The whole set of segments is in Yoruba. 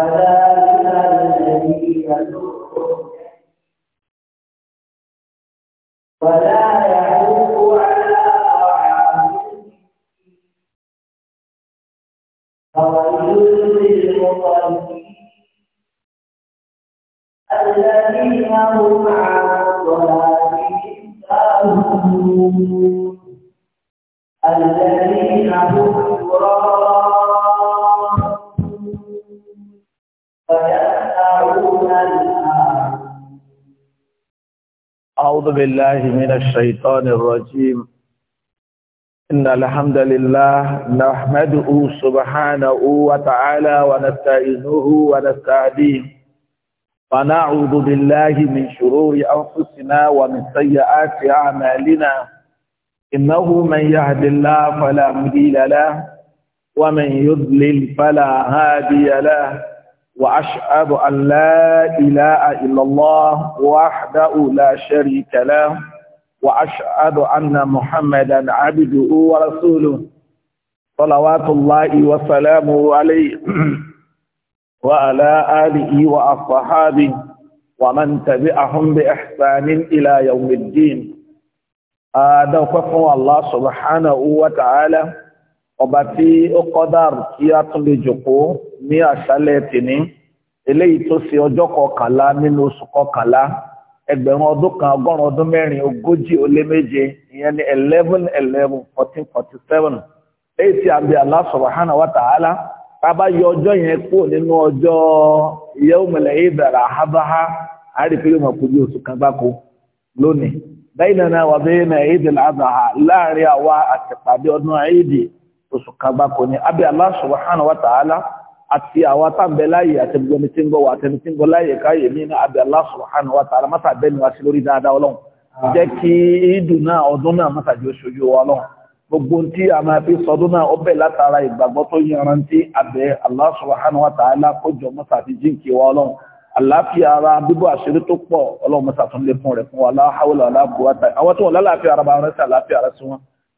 فذلك الذي يدعو ولا يحب على طعام فويل للمطلقين الذين هم عن صلاتهم ساهون الذين هم أعوذ بالله من الشيطان الرجيم إن الحمد لله نحمده سبحانه وتعالى ونستعينه ونستهديه ونعوذ بالله من شرور أنفسنا ومن سيئات أعمالنا إنه من يهد الله فلا مضل له ومن يضلل فلا هادي له وأشهد أن لا إله إلا الله وحده لا شريك له وأشهد أن محمدا عبده ورسوله صلوات الله وسلامه عليه وعلى آله وأصحابه ومن تبعهم بإحسان إلى يوم الدين أدوكم آه، الله سبحانه وتعالى ọba tí ó kọ́dàr kí a tún lè jòkó ní àṣálẹ́ tìní eléyìí tó ṣe ọjọ́ kọkànlá nínú oṣù kọkànlá ẹgbẹ̀rún ọdún kan ọgọ́rùn ọdún mẹ́rin ogójì ó lé méje ìyẹn ní eleven eleven fourteen forty seven èyí tí a bí Allah subhanahu wa ta'ala tá bá yọ ọjọ́ yẹn kúrò nínú ọjọ́ yawmul eid al-adha àárín pé yóò mọ̀ kojú oṣù kan gbáko lónìí baynana wa bayna eid al-adha láàrin àwa àtẹ̀pàdé ọdún àìdì oṣù kan gbáko ni abẹ́ Allah subhanahu wa ta'ala àti àwọn atàbẹ̀ láyé àtẹ̀gbọ́n tí ń gbọ́ wà àtẹ̀mí tí ń gbọ́ láyé káyè ní abẹ́ Allah subhanahu wa ta'ala mọ́tà bẹ́ẹ̀ ni wá sí lórí dáadáa ọlọ́run jẹ́ kí ìdù náà ọdún náà mọ́tà jẹ́ oṣooju ọlọ́run gbogbo tí a máa fi sọdún náà ó bẹ̀ látara ìgbàgbọ́ tó yanrantí abẹ́ Allah subhanahu wa ta'ala kójọ mọ́tà fi jíǹkì àláfíà ara bíbọ́ àṣírí tó pọ̀ ọlọ́run mọ́tà tún lé fún rẹ̀ fún wa láhàwọ́lá aláàbò àwọn tó wọ́n lálàáfíà ara bá rẹ̀ sí àláfíà ara sí wọn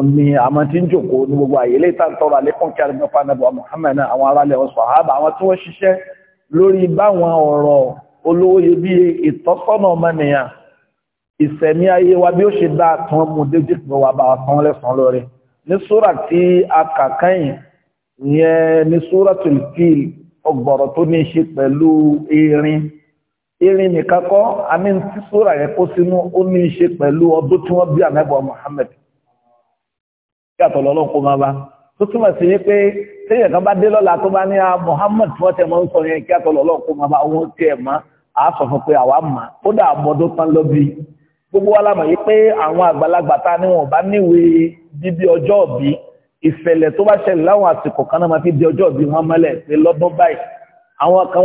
ni àwọn tí ń jòkó ní gbogbo àyè lè tàn tọrọ àlékún kí arìnrìn pa nàbọ Muhammad náà àwọn aráàlẹ ọsọ àbá àwọn tí wọ́n ṣiṣẹ́ lórí báwọn ọ̀rọ̀ olówó iyebíye ìtọ́sọ́nà ọmọnìyàn ìsẹ̀mí ayé wa bí ó ṣe dá tán mú déjì pé wà bá tán lẹ́sàn lórí ní súrà tí a kà kẹ́yìn ìyẹn ní Suratul Fil ọgbọ̀rọ̀ tó ní ṣe pẹ̀lú erin erin nìkan kọ́ àmì tí súrà yẹn kó sínú ó ní ṣe pẹ̀lú ọdún tí wọ́n bí àmẹ́bọ̀ Muhammad yàtọ̀ lọ́lọ́ kó máa bá tó túmọ̀ sí wípé téèyàn kan bá dé lọ́la tó bá ní a ah, Muhammad tí wọ́n tẹ̀ mọ́ ń sọ yẹn kí yàtọ̀ lọ́lọ́ kó máa bá wọn tiẹ̀ mọ́ a sọ fún pé àwa mà kódà àmọ́dún tán lọ bí gbogbo wa lámọ̀ yìí pé àwọn àgbàlagbà ta ni wọn bá níwèé bíbí ọjọ́ òbí ìfẹ̀lẹ̀ tó bá ṣẹlẹ̀ láwọn àsìkò kan náà máa fi di ọjọ́ òbí wọn mọ́lẹ̀ pé lọ́dún báyìí àwọn kan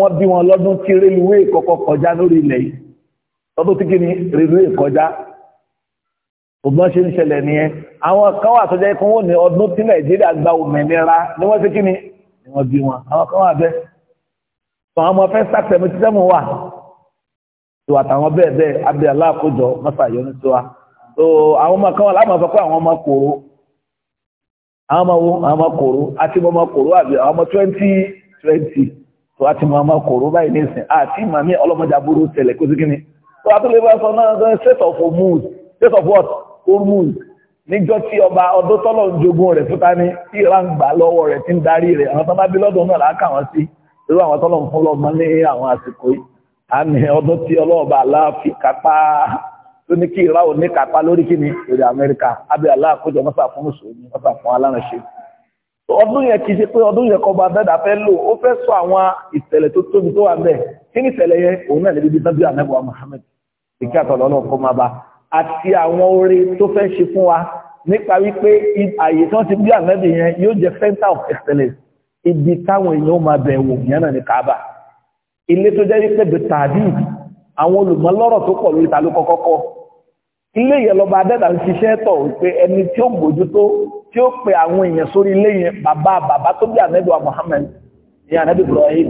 ògbọ́n ṣe ń ṣẹlẹ̀ ní ẹ àwọn kan wà tó jẹ́ kún wọ́n ní ọdún tí nàìjíríà gba òmìnira ni wọ́n sí kí ni wọ́n bí wọn àwọn kan wà bẹ́ẹ̀ àwọn ọmọ fẹ́ sàtẹ̀mí tí sẹ́mu wà tó àtàwọn bẹ́ẹ̀ bẹ́ẹ̀ abẹ́ aláàkójọ mọ́sàyọ́ ní tiwa tó àwọn ọmọ kan wà láwọn sọ pé àwọn ọmọ kòró àwọn ọmọ wo àwọn ọmọ kòró àti ọmọ kòró àbí àwọn ọmọ twenty twenty tó àti ọmọ kòró báyìí nísìn àti màmí ọlọ́mọdé aburú tẹ̀lẹ̀ kó sí kí ni tó àtúlẹ̀ bá sọ náà sẹ́tọ̀ fún mood state of what hormuz níjọ́ tí ọba ọdún tọ́lọ̀ ń jogún rẹ̀ fúta ní tí ìran gbà lọ́wọ́ rẹ̀ tí ń darí rẹ̀ àwọn tó bá bí lọ́dún náà láàkà wọn sí irú àwọn tọ́lọ̀ ń fún lọ́gbọ́n ní àwọn àsìkò yìí àmì ọdún tí ọlọ́ọ̀bà aláàfin kápá tó ní kí ìra ò kápá lórí kí ni èdè amẹ́ríkà abẹ́ aláàkójọ mọ́sà fún mùsùlùmí mọ́sà fún alárànṣe ọdún yẹn kì í ṣe pé ọdún yẹn kọba dada fẹ́ lò ó fẹ́ sọ àwọn ìṣẹ̀lẹ̀ tó tóbi tó wà bẹ́ẹ̀ kí ni ìṣẹ̀lẹ̀ yẹn òun náà lè bí bí tábí àmẹ́bọ̀ Muhammad ìkí àtọ̀lọ́lọ́ kó máa bá àti àwọn oore tó fẹ́ ṣe fún wa nípa wípé àyè tí wọ́n ti gbé ànábì yẹn yóò jẹ́ center of excellence ibi táwọn èèyàn máa bẹ̀ wò yẹn náà ní kaaba ilé tó jẹ́ wípé bẹ̀tàdì àwọn olùmọ̀lọ́rọ̀ tó pọ̀ lórí ta ló kọ́kọ́ kọ́ ilé yẹn lọba adẹ́dà ń ṣiṣẹ́ tọ̀ pé ẹni tí ó gbójútó tí ó pe àwọn èèyàn sórí ilé yẹn bàbá bàbá tó bí ànábì wa Muhammad ní ànábì Ibrahim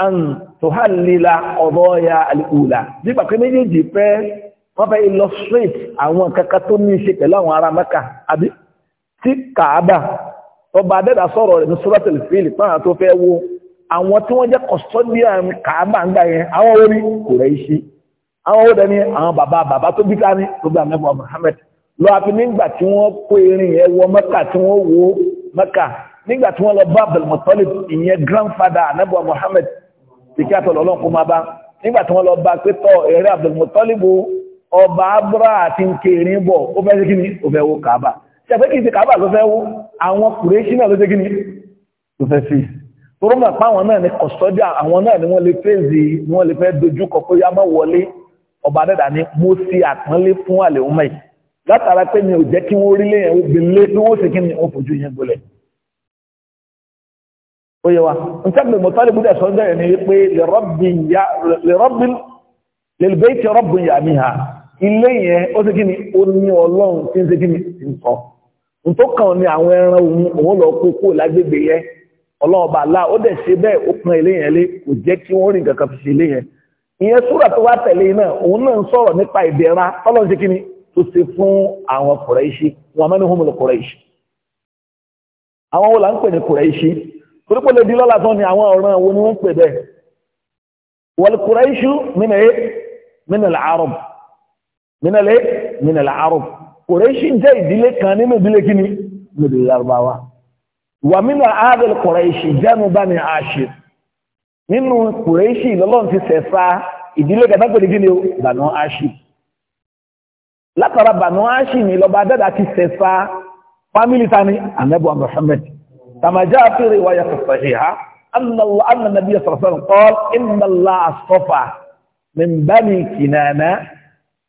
an tuhallila qadaya al-ula nígbà pé méjèèjì fẹ́ wọ́n fẹ́ illustrate àwọn kankan tó ní ṣe pẹ̀lú àwọn ará mẹ́ka àbí tí kàábà ọba adẹ́dà sọ̀rọ̀ rẹ̀ ní suratul fil pàrọ̀ tó fẹ́ wo àwọn tí wọ́n jẹ́ custodian kàábà ń gbà yẹn àwọn orí kò rẹ̀ iṣẹ́ àwọn ó dẹni àwọn bàbá bàbá tó bí káni tó bí amẹ́bọ̀ ìyẹn grandfather amẹ́bọ̀ Muhammad ìkí àtọ̀lọ̀ ọlọ́run kó máa bá nígbà tí wọ́n lọ bá pé tọ́ eré Abdulmutalibu ọba abúrá àti nkèrin bọ̀ ó fẹ́ sí kíni ó fẹ́ wó kàábà ṣe pé kí n ti kàábà ló fẹ́ wó àwọn kùrẹ́ṣí náà ló fẹ́ kíni ló fẹ́ sí torọ́ mọ̀ pé àwọn náà ni kọ̀sọ́dí àwọn náà ni wọ́n lè fẹ́ zi ni wọ́n lè fẹ́ dojú kọ pé yàmọ́ wọlé ọba dẹ́dà ni mo ṣe àpọ́nlé fún àlè òun mẹ́yì látara pé mi ò jẹ́ kí wọ́n orílẹ̀ yẹn ó gbélé bí wọ́n sì kí wọ́n fojú yẹn gbolẹ̀ ó yẹ wa nǹkan mọ̀tálẹ̀ búdẹ̀ sọ jẹ́ ẹni pé lẹ́rọ̀bìnlẹ́lẹ́bẹ̀ẹ́tì rọ́bìn yà ní ha ilé yẹn ó sì kí ni ó ní ọlọ́run tí ń sí kí ni nǹkan tó kàn ní àwọn ẹran òun òun lọ kó kó lágbègbè yẹn ọlọ́ọ̀bà alá ó dẹ̀ ṣe bẹ́ẹ̀ ó kan ilé yẹn lé kò jẹ́ kí wọ́n rìn kankan fi ṣe ilé yẹn ìyẹn súrà tó wá tẹ̀lé náà òun náà ń sọ̀rọ̀ nípa ìdẹ̀ra tọ́lọ́ sí kí tó ṣe fún àwọn Kùráìṣì wọn mẹ́nu hómìnì Kùráìṣì àwọn wo là ń pè ní Kùráìṣì torípò lè di lọ́la tán ni àwọn ọ̀ràn wo ni wọ́n pè bẹ́ẹ̀ wal Quraishu mina e mina al-Arab mina le mina al-Arab Quraishi jẹ́ ìdílé kan nínú ìdílé kíni níbi Lárúbáwá wà mina adil Quraishi jẹ́nu Bani Ashir nínú Quraishi lọ́lọ́run ti sẹ̀sà ìdílé kẹta pè ní o Banu Ashir látara Banu Ashir ni lọ́ba dẹ́dà ti sẹ̀sà fámìlì tani anabu Muhammad كما جاء في رواية الصحيحة أن الله أن النبي صلى الله عليه وسلم قال إن الله اصطفى من بني كنانة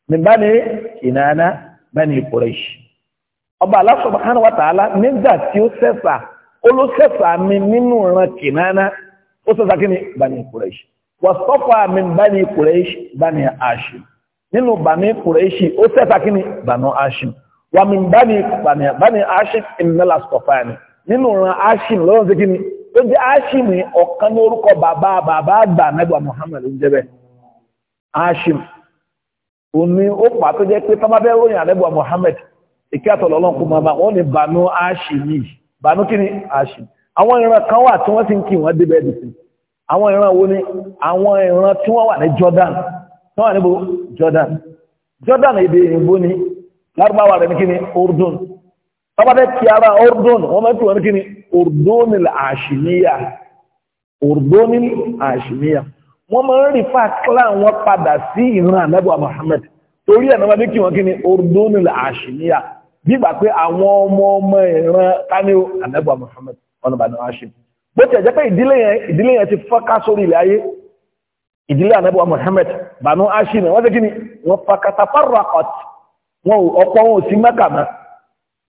من بني كنانة بني قريش ọba Allah subhanahu wa ta'ala nígbà tí ó sẹ́sà olóṣẹ́sà mi nínú ìran kìnnáná ó sẹ́sà kí ni bani Quraysh wastafa min bani Quraysh bani Hashim nínú bani Quraysh ó sẹ́sà kí ni bani Hashim wa min bani Hashim innal astafani nínú ìran ashim lọ́wọ́n sí kíni tó jẹ́ ashim ọ̀kan ní orúkọ bàbá bàbá àgbà mẹ́gbà Muhammad ń jẹ́bẹ̀ ashim òní ó fà tó jẹ́ pé tọ́bábẹ́ ròyìn àlẹ́gbà Muhammad ìkẹ́ àtọ̀lọ́ ọlọ́run kó máa wọ́n ní bànú ashim yìí Banu kíni ashim àwọn ìran kan wà tí wọ́n ń kí wọ́n débẹ̀ àwọn ìran wo ni àwọn ìran tí wọ́n wà ní Jordan tí wọ́n wà níbo Jordan Jordan èdè òyìnbó ni lárúbáwá rẹ̀ tọ́bàdẹ́ ti ara ordon wọ́n mẹ́tí wọ́n kíni ordonil àṣìníyà ordonil àṣìníyà wọ́n mọ́ ń rí fàkílà wọn padà sí ìran ànábọ̀ Muhammad torí ẹ̀ náà kí wọ́n kíni ordonil àṣìníyà gbígbà pé àwọn ọmọ ọmọ ìran tánil ànábọ̀ Muhammad ọ̀nà bàdàn àṣì bó ti ẹ̀jẹ́ pé ìdílé yẹn ìdílé yẹn ti fọ́ká sórí ilẹ̀ ayé ìdílé ànábọ̀ Muhammad bàdàn àṣì náà wọ́n ti kíni wọ́n fàkàtàfàrọ̀ àkọ́t wọn ọ̀pọ̀ wọn ò sí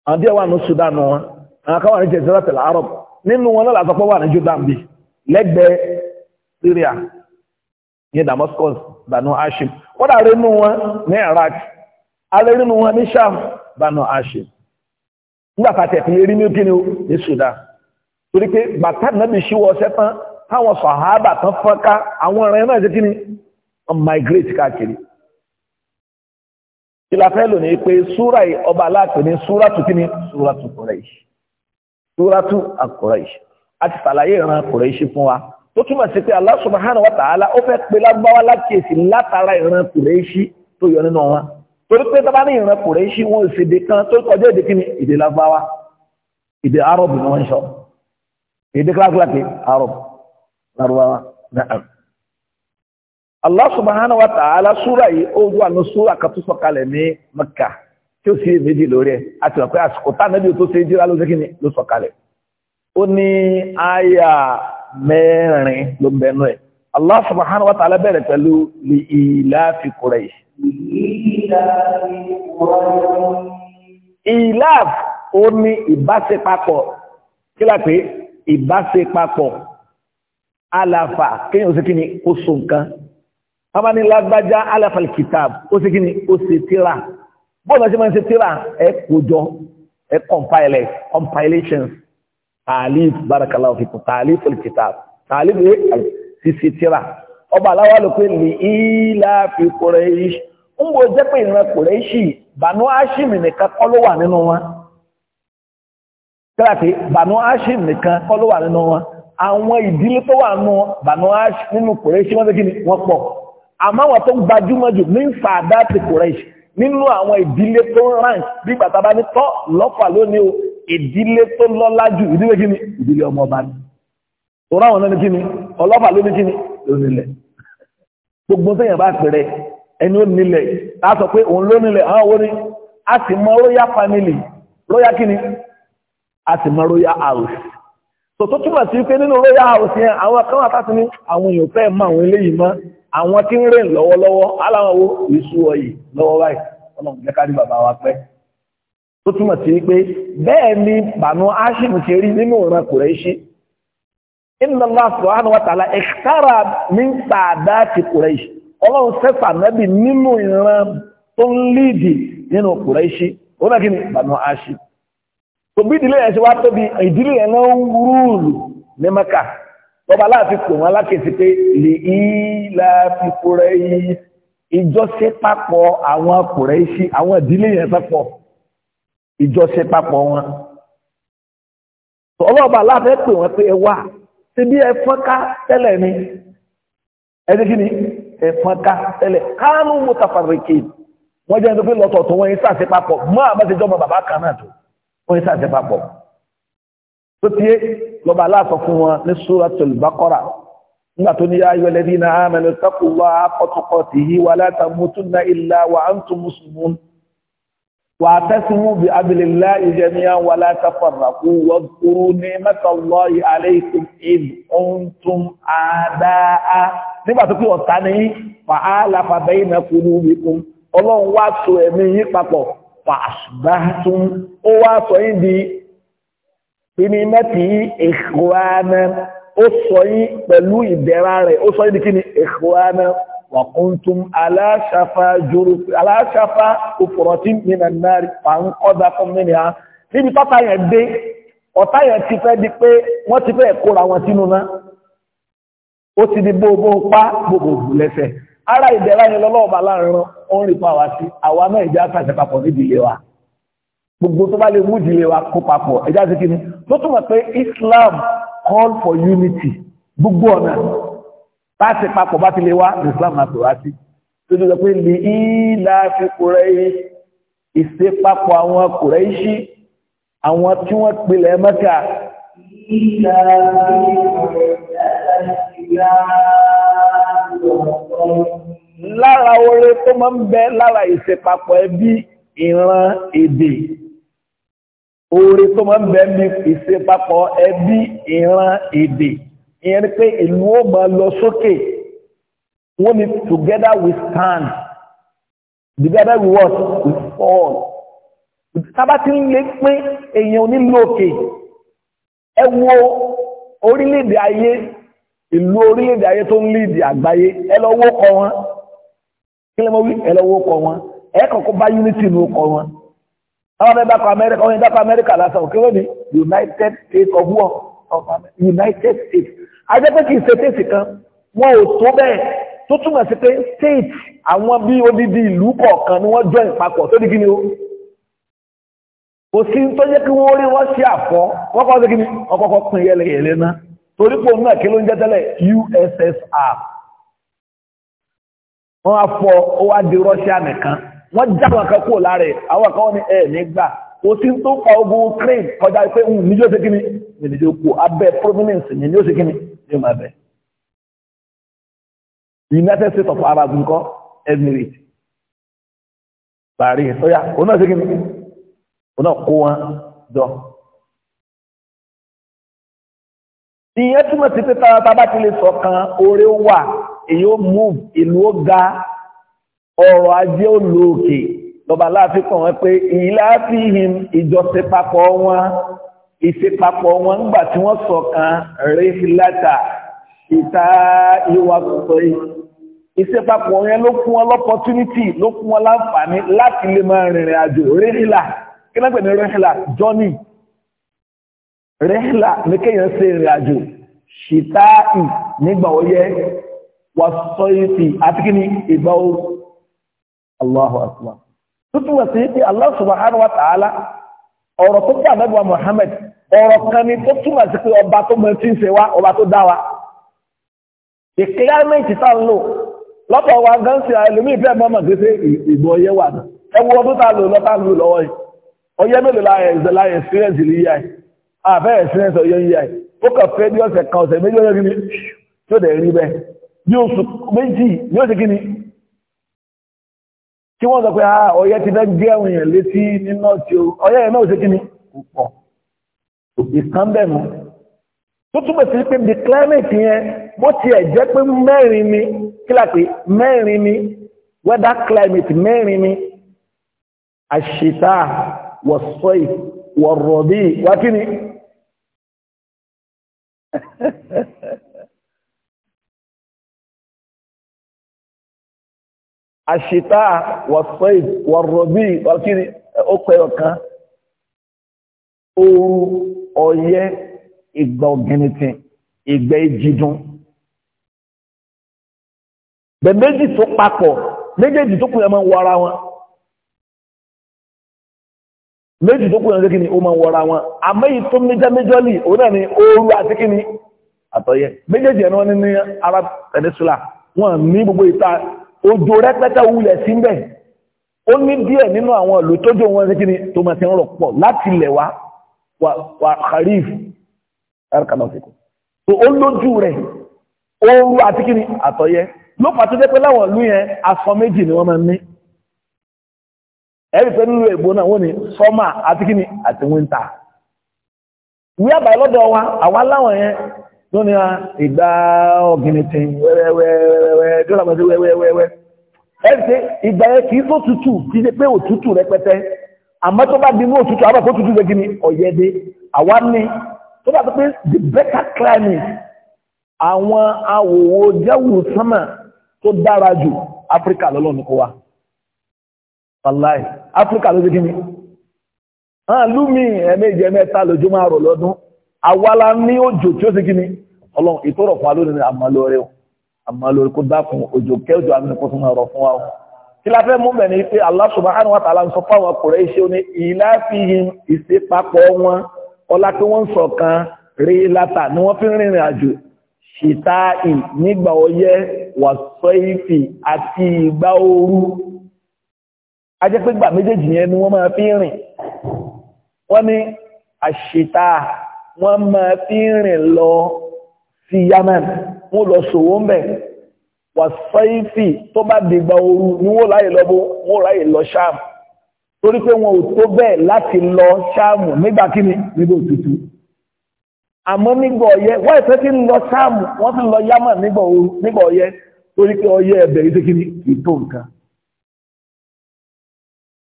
àwọn díẹ̀ wà ní Sudan wọn àwọn akáwà ní jẹjẹrẹ tẹ̀lé Arab nínú wọn náà làtọ́pọ̀ wà ní Jordan bí lẹ́gbẹ̀ẹ́ Syria ní Damascus Banu Hashim wọ́n dà rí nínú wọn ní Iraq alẹ́ rí nínú wọn ní Sham Banu Hashim nígbà pàtẹ́ fi rí ní kíni ní Sudan torí pé bàtà nàbì ṣíwọ́ ọṣẹ́ tán táwọn sàhábà tán fọ́nká àwọn ọ̀rẹ́ náà ṣe kíni migrate káàkiri ìlàfẹ́ lónìí pé súra ọba aláàpẹ ní súra tù kí ni súra tù Quraish súra tù Quraish àti sàlàyé ìran Quraish fún wa tó túmọ̀ sí pé Allah subhanahu wa ta'ala ó fẹ́ pe lágbáwá lákèsí látara ìran Quraish tó yọ nínú wọn torí pé tábà ní ìran Quraish wọn ò sì dé kan tó kọjá èdè kí ni èdè lágbáwá èdè arọ́bù ni wọ́n ń sọ èdè kílákílákì arọ́bù lárúbáwá náà Allah subhanahu wa ta'ala súra yìí ó wà ní súra kan tó sọ̀kalẹ̀ ní Mẹ́kà tí ó sì méjì lórí ẹ̀ àti ọ̀pẹ́ àsìkò tá níbi tó ṣe jíra ló sékìní ló sọ̀kalẹ̀. Ó ní àyà mẹ́rin ló ń bẹnu ẹ̀. Allah subhanahu wa ta'ala bẹ̀rẹ̀ pẹ̀lú li ilafi Quraysh. Ilaf ó ní ìbáṣepapọ̀ kí lápé ìbáṣepapọ̀ alafa kéèyàn sékìní kó so àmà ní lágbájá alafal kitab ó sì kíni ó sì tíra bọ́ọ̀lù ọ̀sẹ̀ máa ń ṣe tíra ẹ kójọ ẹ compile compilations taalif barakallahu fikum taalif alkitab taalif ẹ ṣiṣẹ́ tíra ọba aláwa ló pé lè ilá fi Quraish ń bò jẹ́ pé ìran Quraishi Banu Hashim nìkan kọ́ ló wà nínú wọn tíra pé Banu Hashim nìkan kọ́ ló wà nínú àwọn ìdílé tó wà nínú Banu Hashim nínú Quraishi wọ́n ti kí ni wọ́n pọ̀ àmáwọn tó gbajúmọ̀ jù ní fàdá ti Quraish nínú àwọn ìdílé tó ràn nígbà tá a bá ní tọ́ lọ́fà lónìí o ìdílé tó lọ́lá jù ìdílé kí ni ìdílé ọmọ ọba ni tọ́rọ àwọn ọ̀nà kí ni ọlọ́fà ló ní kí ni lónílẹ̀ gbogbo sẹ́yìn bá pẹ̀rẹ̀ ẹni ó nílẹ̀ tá a sọ pé òun ló nílẹ̀ àwọn owó ni a sì mọ royal family royal kí ni a sì mọ royal house so tó túmọ̀ sí pé nínú royal house yẹn àwọn kan wà tàbí ní àwọn èèyàn fẹ́ mọ àwọn eléyìí mọ́ àwọn tí ń rìn lọ́wọ́lọ́wọ́ aláwọ̀ wo ìṣú ọyì lọ́wọ́ báyìí ọlọ́run jẹ́ ká ní bàbá wa pẹ́ tó túmọ̀ sí pé bẹ́ẹ̀ ni bànú ashim ṣe rí nínú ìran Quraishi inna Allah subhanahu wa ta'ala ikhtara min sa'adati Quraish ọlọ́run sẹ́fà nábì nínú ìran tó ń líìdì nínú Quraishi ó náà kí ni bànú ashim tó bí ìdílé yẹn ṣe wá tóbi ìdílé yẹn náà ń rúùlù ní mẹ́kà ọba láti pè wọ́n alákèsí pé lè ìlà fipúrẹ́ yìí ìjọsìn papọ̀ àwọn Kùrẹ́ṣì àwọn ìdílé yẹn papọ̀ ìjọsìn papọ̀ wọn. ọlọ́ọ̀bà láfẹ́ pè wọ́n pé ẹ wá síbi ẹ fọ́nká tẹ́lẹ̀ ni ẹni kí ni ẹ fọ́nká tẹ́lẹ̀ kánú mutafarriqin wọ́n jẹ́ ẹni tó fi lọ́tọ̀ọ̀tọ̀ wọn yìí sàṣepapọ̀ mọ́ àbájẹjọ́ mọ́ bàbá kan náà tó wọ́n yẹ sáàtẹ́ papọ̀ tó tiẹ́ lọ́ba aláàfọ̀ fún wọn ní Suratul Baqara nígbà tó ní ayọ̀ lẹ́bí náà amanu taqullaha haqqa tuqatihi wa la tamutunna illa wa antum muslimun واعتصموا بحبل الله جميعا ولا تفرقوا واذكروا نعمة الله عليكم إذ كنتم أعداء nígbà tó kí ọ̀tá ní fàálàfà bẹ́yìnà kúrú wíkún ọlọ́run wá so ẹ̀mí yí papọ̀ fàṣbáhátún ó wá sọ yín di kíní mẹ́tì ìhùwánà ó sọ yín pẹ̀lú ìdẹ̀ra rẹ̀ ó sọ yín di kíní ìhùwánà wàkúntùm aláṣàfà òfòrọ̀tí mìíràn náà pàǹkọ́dá fún mìíràn níbi tọ́ta yẹn dé ọ̀tá yẹn ti fẹ́ di pé wọ́n ti fẹ́ kóra wọn sínú náà ó ti di bóbó pa gbogbo lẹ́sẹ̀ ara ìdẹ̀ra yẹn lọ́lọ́ọ̀bà láàrin ń rí fún àwa sí àwa náà ìjà àtàṣe papọ̀ níbi ilé wa gbogbo tó bá lè mú ìdílé wa kó papọ̀ ẹjá sí kí ni tó túmọ̀ pé Islam call for unity gbogbo ọ̀nà bá ti papọ̀ bá ti lè wá Islam àti wá sí tó ti sọ pé lè ìlà fi Kùrẹ́ṣì ìṣepapọ̀ àwọn Kùrẹ́ṣì àwọn tí wọ́n pilẹ̀ Mẹ́kà ìlà fi Kùrẹ́ṣì lára oore tó máa ń bẹ lára ìṣepapọ̀ ẹbí ìran èdè oore tó máa ń bẹ ní ìṣepapọ̀ ẹbí ìran èdè ìyẹn ni pé ìlú ó máa lọ sókè wọ́n ní together we stand together we what we fall sábà tí ń lé pín èèyàn onílò òkè ẹ wo orílẹ̀-èdè ayé ìlú orílẹ̀-èdè ayé tó ń líìdì àgbáyé ẹlọ́wọ́ kọ wọn kí lẹ́mọ́ wí ẹlọ́wọ́ kọ wọn ẹ̀ẹ́kọ̀ọ́kọ́ bá unity ló kọ wọn àwọn ẹ̀dá kan amẹ́ríkà wọn ẹ̀dá kan amẹ́ríkà lásán òkè lónìí united states of war of united states ajẹ́ pé kì í ṣe tètè kan wọn ò tó bẹ́ẹ̀ tó túmọ̀ sí pé state àwọn bí odidi ìlú kọ̀ọ̀kan ni wọ́n join papọ̀ tó di kí ni o kò sí tó yẹ kí wọ́n rí wọ́n ṣe àfọ́ wọ́n kọ́ sí kí ni wọ́n kọ́kọ́ pín yẹlẹyẹlẹ náà torí pò náà kí ló ń jẹ́ USSR wọ́n á fọ ó wá di Russia nìkan wọ́n já àwọn kan kúrò lára ẹ̀ àwọn kan wọ́n ní ẹ̀ nígbà kò sí tó kọ ogun Ukraine kọjá pé níjó ṣe kíni níjó kú abẹ́ prominence ní níjó ṣe kíni ní ọmọ abẹ́ United States of Arab nǹkan Emirates Paris ó yà òun náà ṣe kíni òun náà kó wọn jọ. ìyẹn túmọ̀ sí pé tara tábà ti lè sọ̀kan oore wà èyí ó mú ìlú ó ga ọrọ̀ ajé ó lo òkè lọ́ba láàfin kàn wọ́n pé ìlà fi him ìjọsìn papọ̀ wọn ìṣepapọ̀ wọn gbà tí wọ́n sọ̀kan rẹ́fìlátà ìta ìwà sọ̀tọ̀ yìí ìṣepapọ̀ yẹn ló fún wọn lọ́pọ̀túnítì ló fún wọn láǹfààní láti lè máa rìnrìn àjò rẹ́fìlà kí lẹ́gbẹ̀ẹ́ ní rẹ́fìlà journey rẹ́hìlà ní kéèyàn ṣe ìrìn àjò ṣìtáì nígbà ọyẹ́ wà sọ ìfì àti kí ni ìgbà Allahu akbar tó túnmọ̀ sí pé Allah subhanahu wa ta'ala ọ̀rọ̀ tó gbà mẹ́gbà ọ̀rọ̀ kan ni tó túnmọ̀ sí pé ọba tó mọ ń ṣe wá ọba tó dá wa ìkílámẹ́ǹtì tá ń lò lọ́pọ̀ wa gan sí mọ́mọ́ ìgbà wà ọdún tá a lò lọ́tà àbẹ́rẹ̀ sí ẹ̀sọ̀ yọ yíya ó kà fẹ́ bí ọ̀sẹ̀ kan ọ̀sẹ̀ méjì ọ̀sẹ̀ gíní tí ó dẹ̀ rí bẹ́ ní oṣù méjì ní oṣù gíní tí wọ́n sọ pé a ah, ọ̀yẹ́ ti fẹ́ gé àwọn wọ̀sọ́ì wọ̀rọ̀bí wákìní àṣìtá wàṣẹ́ìd wàrọ̀bí wàkíní ọkọ̀ ẹ̀ọ̀kan ooru ọyẹ́ ìgbà ọ̀gẹ̀nìtìn ìgbà ìjìdún bẹ̀mẹ́jì tó papọ̀ méjèèjì tó kùnrin ọmọ wọra wọn méjì tó kùnrin kíni ó máa wọra wọn àmẹ́yì tó méjá méjọ́lì òun náà ni ooru àti kíni àtọ̀yẹ méjèèjì ẹ̀nà wọn ní Arab Peninsula wọn ní gbogbo ìta òjò rẹpẹtẹ wulẹ̀ sí mbẹ̀ ó ní díẹ̀ nínú àwọn ìlú tójò wọn sí kíni tó máa ti ń rọ̀ láti ilẹ̀ wa wà kharif arkanafiku so ó lójú rẹ̀ ooru àti kíni àtọ̀yẹ ló fà tó jẹ́ pé láwọn ìlú yẹn aṣọ méjì ni wọ́n máa ń ní ẹ̀rí pé nílùú ègbó náà wọ́n ní sọ́mà àti kíni àti wíńtà wíyàbà lọ́dọ̀ wa àwa láwọn yẹn tó ní ìgbà ọ̀gìnìtìn wẹ́wẹ́wẹ́wẹ́ dọ́là pẹ̀lú wẹ́wẹ́wẹ́wẹ́ ẹ̀sẹ̀ ìgbà yẹn kìí tó tútù kìí ṣe pé òtútù rẹpẹtẹ àmọ́ tó bá di mú òtútù àbá tó tútù lé gini ọ̀yẹ́dẹ́ àwa ní tó bá tó pé the better climate àwọn awòwò jẹ́wù sánmà tó dára jù áfíríkà lọ́lọ́nù kó wa wàláì áfíríkà ló dé gini hàn lúmi ẹ̀mẹ́jẹ mẹ́ta lójúmọ́ àrò lọ́dún Awala ní òjò tí ó sì kí ni ọlọ́run ìtọ́rọ̀ fún alóòrùn àmàlóore àmàlóore kó dákun òjò kẹjọ àmì kó ọ̀rọ̀ fún wa kí la fẹ́ mú bẹ̀ ni pé Allah subhanahu wa ta'ala ń sọ fáwọn Quraish ní ìlà fi hin ìsepapọ̀ wọn ọlá pé wọ́n ń sọ kan rí látà ni wọ́n fi ń rìnrìn àjò ṣìta ì nígbà ọyẹ́ wà sọ ìfì àti ìgbà ooru a méjèèjì yẹn ni wọ́n máa fi ń rìn wọ́n ní àṣìta wọ́n máa fi rìn lọ sí Yemen wọ́n lọ ṣòwò ń bẹ̀ wàsáífì tó bá dìgbà ooru ni wọ́n láyè lọ́bọ̀ wọ́n láyè lọ ṣáàmù torí pé wọn ò tó bẹ́ẹ̀ láti lọ ṣáàmù nígbà kíni nígbà òtútù àmọ́ nígbà ọyẹ́ wọ́n ìfẹ́ tí ń lọ ṣáàmù wọ́n ti lọ Yemen nígbà ooru nígbà ọyẹ́ torí pé ọyẹ́ ẹ̀bẹ̀ yìí kíni ètò nǹkan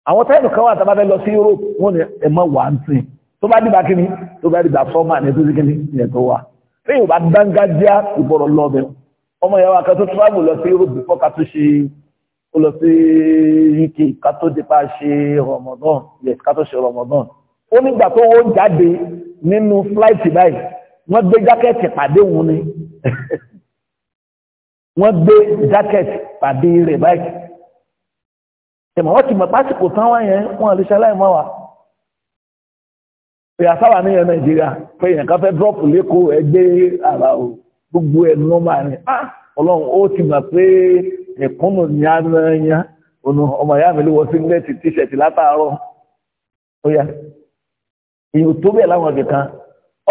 àwọn táyà nìkan wà tábàtà lọ sí Europe wọ́n ní ẹ̀ wà ń sìn tó bá dìbà kíní tó bá dìbà fọ́mà ní tó sí kíní ilẹ̀ tó wà tí yóò bá dángájá ìgbọ̀rọ̀ lọ́bẹ̀ ọmọ ìyàwó akẹ́ tó travel lọ sí Europe before ká tó ṣe ó lọ sí UK ká tó dípa ṣe Ramadan yes ká tó ṣe Ramadan ó nígbà tó wọ́n jáde nínú flight báyìí wọ́n gbé jákẹ́ẹ̀tì pàdé òun ni wọ́n gbé jákẹ́ẹ̀tì pàdé rẹ̀ báyìí ẹ̀mọ̀ wọ́n ti mọ̀ pásìkò tán wáyẹn wọ́n àlùṣe aláìmọ́ wa ìyá sábà níyàn nàìjíríà pé èèyàn kan fẹ́ dọ́ọ̀pù lẹ́kọ̀ọ́ ẹgbẹ́ ara o gbogbo ẹ̀ nọ́mà ni ah, ọlọ́run ó ti mọ̀ pé ẹ̀kúnnù ni a ná yan ọ̀nà ọmọ ìyá mi ló wọ síngilẹ́tì tíṣẹ̀tì látàárọ̀ ó yá èèyàn tó bẹ̀ láwọn ọ̀dẹ̀ kan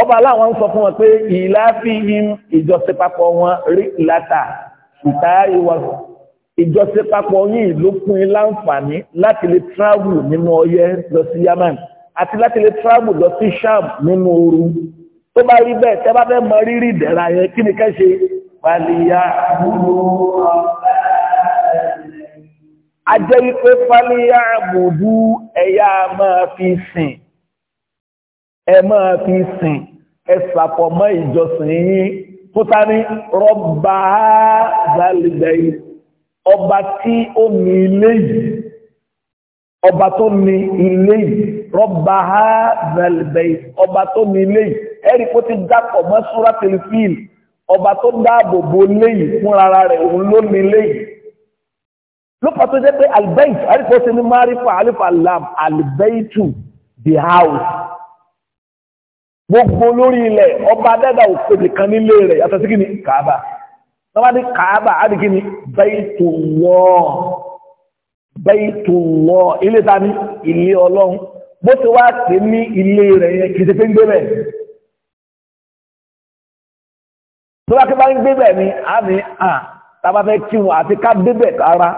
ọba aláwọn ń sọ fún wọn pé ìláfíhìn ìjọsìn papọ̀ wọn rí látà ìta ìwà ìjọsìn papọ̀ yìí ló fún yín láǹfààní láti lè travel nínú ọyẹ́ lọ sí yamani àti láti lè tíráàbù lọ sí sham nínú ooru tó bá rí bẹ́ẹ̀ tẹ́ bá fẹ́ mọ rírì ìdẹ̀ra yẹn kí ni kẹ́ṣe fàlìyà a jẹ́ wípé fàlìyà àbùdú ẹ̀yà máa fi sìn ẹ máa fi sìn ẹ sàfọ̀mọ́ ìjọsìn yín tó ta ní rọ́bà zàlìgbẹ̀yìn ọba tí ó mi ilé ọba tó ní ilé rọ́bà ha zẹ̀lẹ̀bẹ̀ ọba tó ní ilé yìí ẹ̀rí kó ti dápọ̀ mọ́ súra tẹlifíìl ọba tó dáàbò bo ilé yìí fún rárá rẹ̀ òun ló ní ilé yìí lópa jẹ́ pé albeit àríkò ṣe ní márífà alifa lam albeitu the house gbogbo lórí ilẹ̀ ọba dẹ́dà òkèjì kan nílé rẹ̀ yàtọ̀ sí kí ni kàábà tọ́wádìí kàábà á di kí ni beitu wọ́ọ̀ Baitullah ilé ta ní ilé ọlọ́run bó ti wá pè ní ilé rẹ̀ yẹn kì í ṣe pé ń gbé bẹ̀. tó bá kí bá ń gbé bẹ̀ ni a ní à tábà fẹ́ kí wọn àti ká gbé bẹ̀ rárá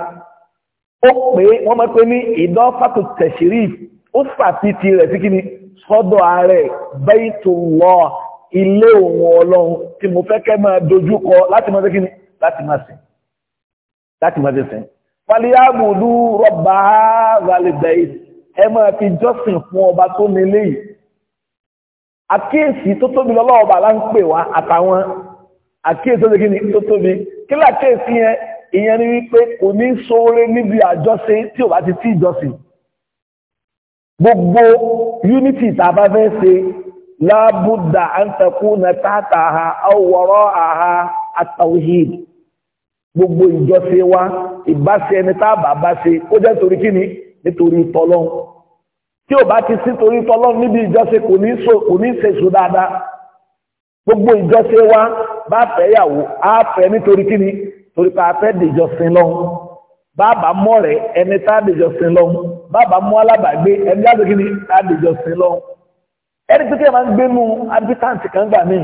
ó pé wọ́n mọ̀ pé ní ìdọ́fàtò tẹ̀sírì ó fàtìtì rẹ̀ sí kí ni sọ́dọ̀ ààrẹ Baitullah ilé òun ọlọ́run tí mo fẹ́ kẹ́ máa dojú kọ láti máa ṣe kí ni láti máa sìn láti máa ṣe sìn fàlíyàbùdú rọ̀bà ràlẹ̀dẹ̀ ẹ máa fi jọ́sìn fún ọba tó nílé yìí àkíyèsí tó tóbi lọ́lọ́ọ̀bà lá ń pè wá àtàwọn àkíyèsí tó kíni tó tóbi kí làkíyèsí yẹn ìyẹn ni wípé kò ní sóore níbi àjọsìn tí ò bá ti tí ìjọsìn gbogbo unity tá a bá fẹ́ ṣe lábúdà àǹtakùn náà tààtà àha àwòrán àha àtàwíhìdì gbogbo ìjọsìn wa ìbáṣe ẹni tá bá bá ṣe ó jẹ́ torí kí ni nítorí tọlọ́n tí ò bá ti sí torí tọlọ́n níbi ìjọsìn kò ní so kò ní sèso dáadáa gbogbo ìjọsìn wa bá fẹ́yàwó á fẹ́ nítorí kí ni torí pé a fẹ́ dèjọsìn lọ bàbá mọ̀rẹ́ ẹni tá dèjọsìn lọ bàbá mú alábàgbé ẹni tá dèjọsìn tá dèjọsìn lọ ẹni tó kẹ́ máa ń gbénu abitanti kan gbà mí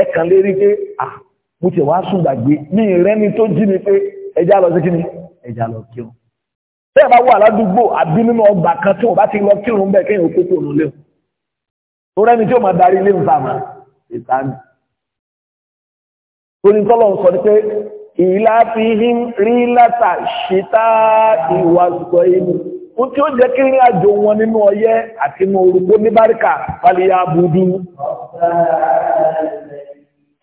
ẹ kàn lè rí pé ah, mo ti wá sùn gbàgbé ní ìrẹ́ni tó jí mi pé ẹja lọ sí kíni ẹja lọ kírun tẹ́ẹ̀ bá wà ládùúgbò àbí nínú ọgbà kan tí wọ́n bá ti lọ kírun bẹ́ẹ̀ kéèyàn kókó òun lé o rẹ́ni tí ó máa darí ilé nǹkan àmà ìtàn torí tọ́lọ̀ ń sọ ní pé ìlà fi hín rí látà ṣíta ìwà sọ inú ó tí ó jẹ́ kí rí àjò wọn nínú ọyẹ́ àti inú orúgbó ní báríkà pàlìyà àbúdú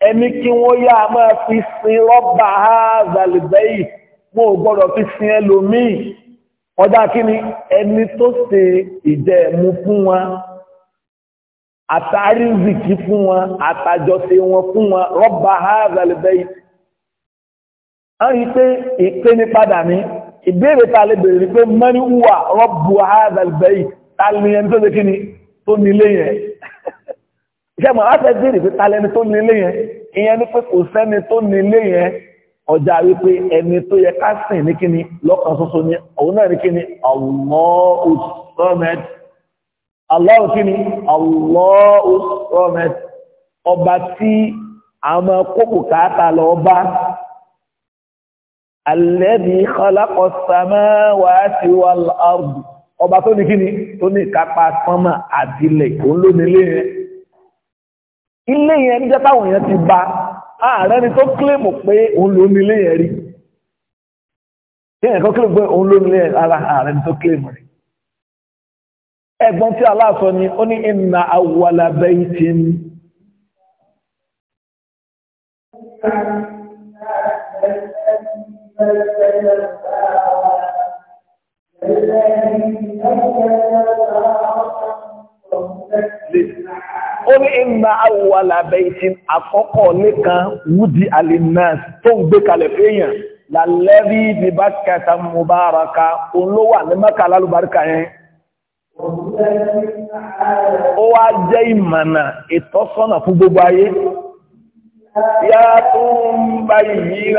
ẹni kí wọ́n yá máa fi sin rọ́bà ààzàlìbẹ́yì mọ́ ò gbọ́dọ̀ fi sin ẹlòmíì ọdá kí ni ẹni tó ṣe ìjẹ̀mú fún wọn àtàrízìkí fún wọn àtàjọṣe wọn fún wọn rọ́bà ààzàlìbẹ́yì a rí pé ìpé ní padà ní ìbéèrè ta lè bèèrè pé mẹ́rin wà rọ́bù ààzàlìbẹ́yì ta ni ẹni tó ṣe kí ni tó nílé yẹn ṣẹ́mọ̀ á fẹ́ bèèrè pé ta lẹni tó nílé yẹn ìyẹn ni pé kò sẹ́ni tó nílé yẹn ọjà wípé ẹni tó yẹ ká sìn ní kíni lọ́kàn ṣoṣo ni òun náà ní kíni Allahu Samad Allahu kíni Allahu Samad ọba tí àmọ́ kókò káàtà lọ bá alẹ́bí khalaqa samawati wal ard ọba tó ní kíni tó ní kápá sánmà àdílẹ̀ òun ló ilé yẹn níjẹ́ táwọn èèyàn ti ba ààrẹ ni tó kílèmù pé òun ló nílé yẹn rí yẹn kan kílèmù pé òun ló nílé yẹn ara ààrẹ ni tó kílèmù rí ẹ̀gbọ́n tí Allah sọ ni ó ní inna awwala baytin Lè ó ní ìmà àwòwàlà bẹ̀yìn àkọ́kọ́ nìkan wúdi alinas tó ń gbé kalẹ̀ fẹ́yàn lálẹ́rí ní bákẹ́ta mubaraka òun ló wà ní mẹ́ka lálùbáríkà yẹn ó wá jẹ́ ìmọ̀nà ìtọ́sọ́nà fún gbogbo ayé yá tó ń bá yìí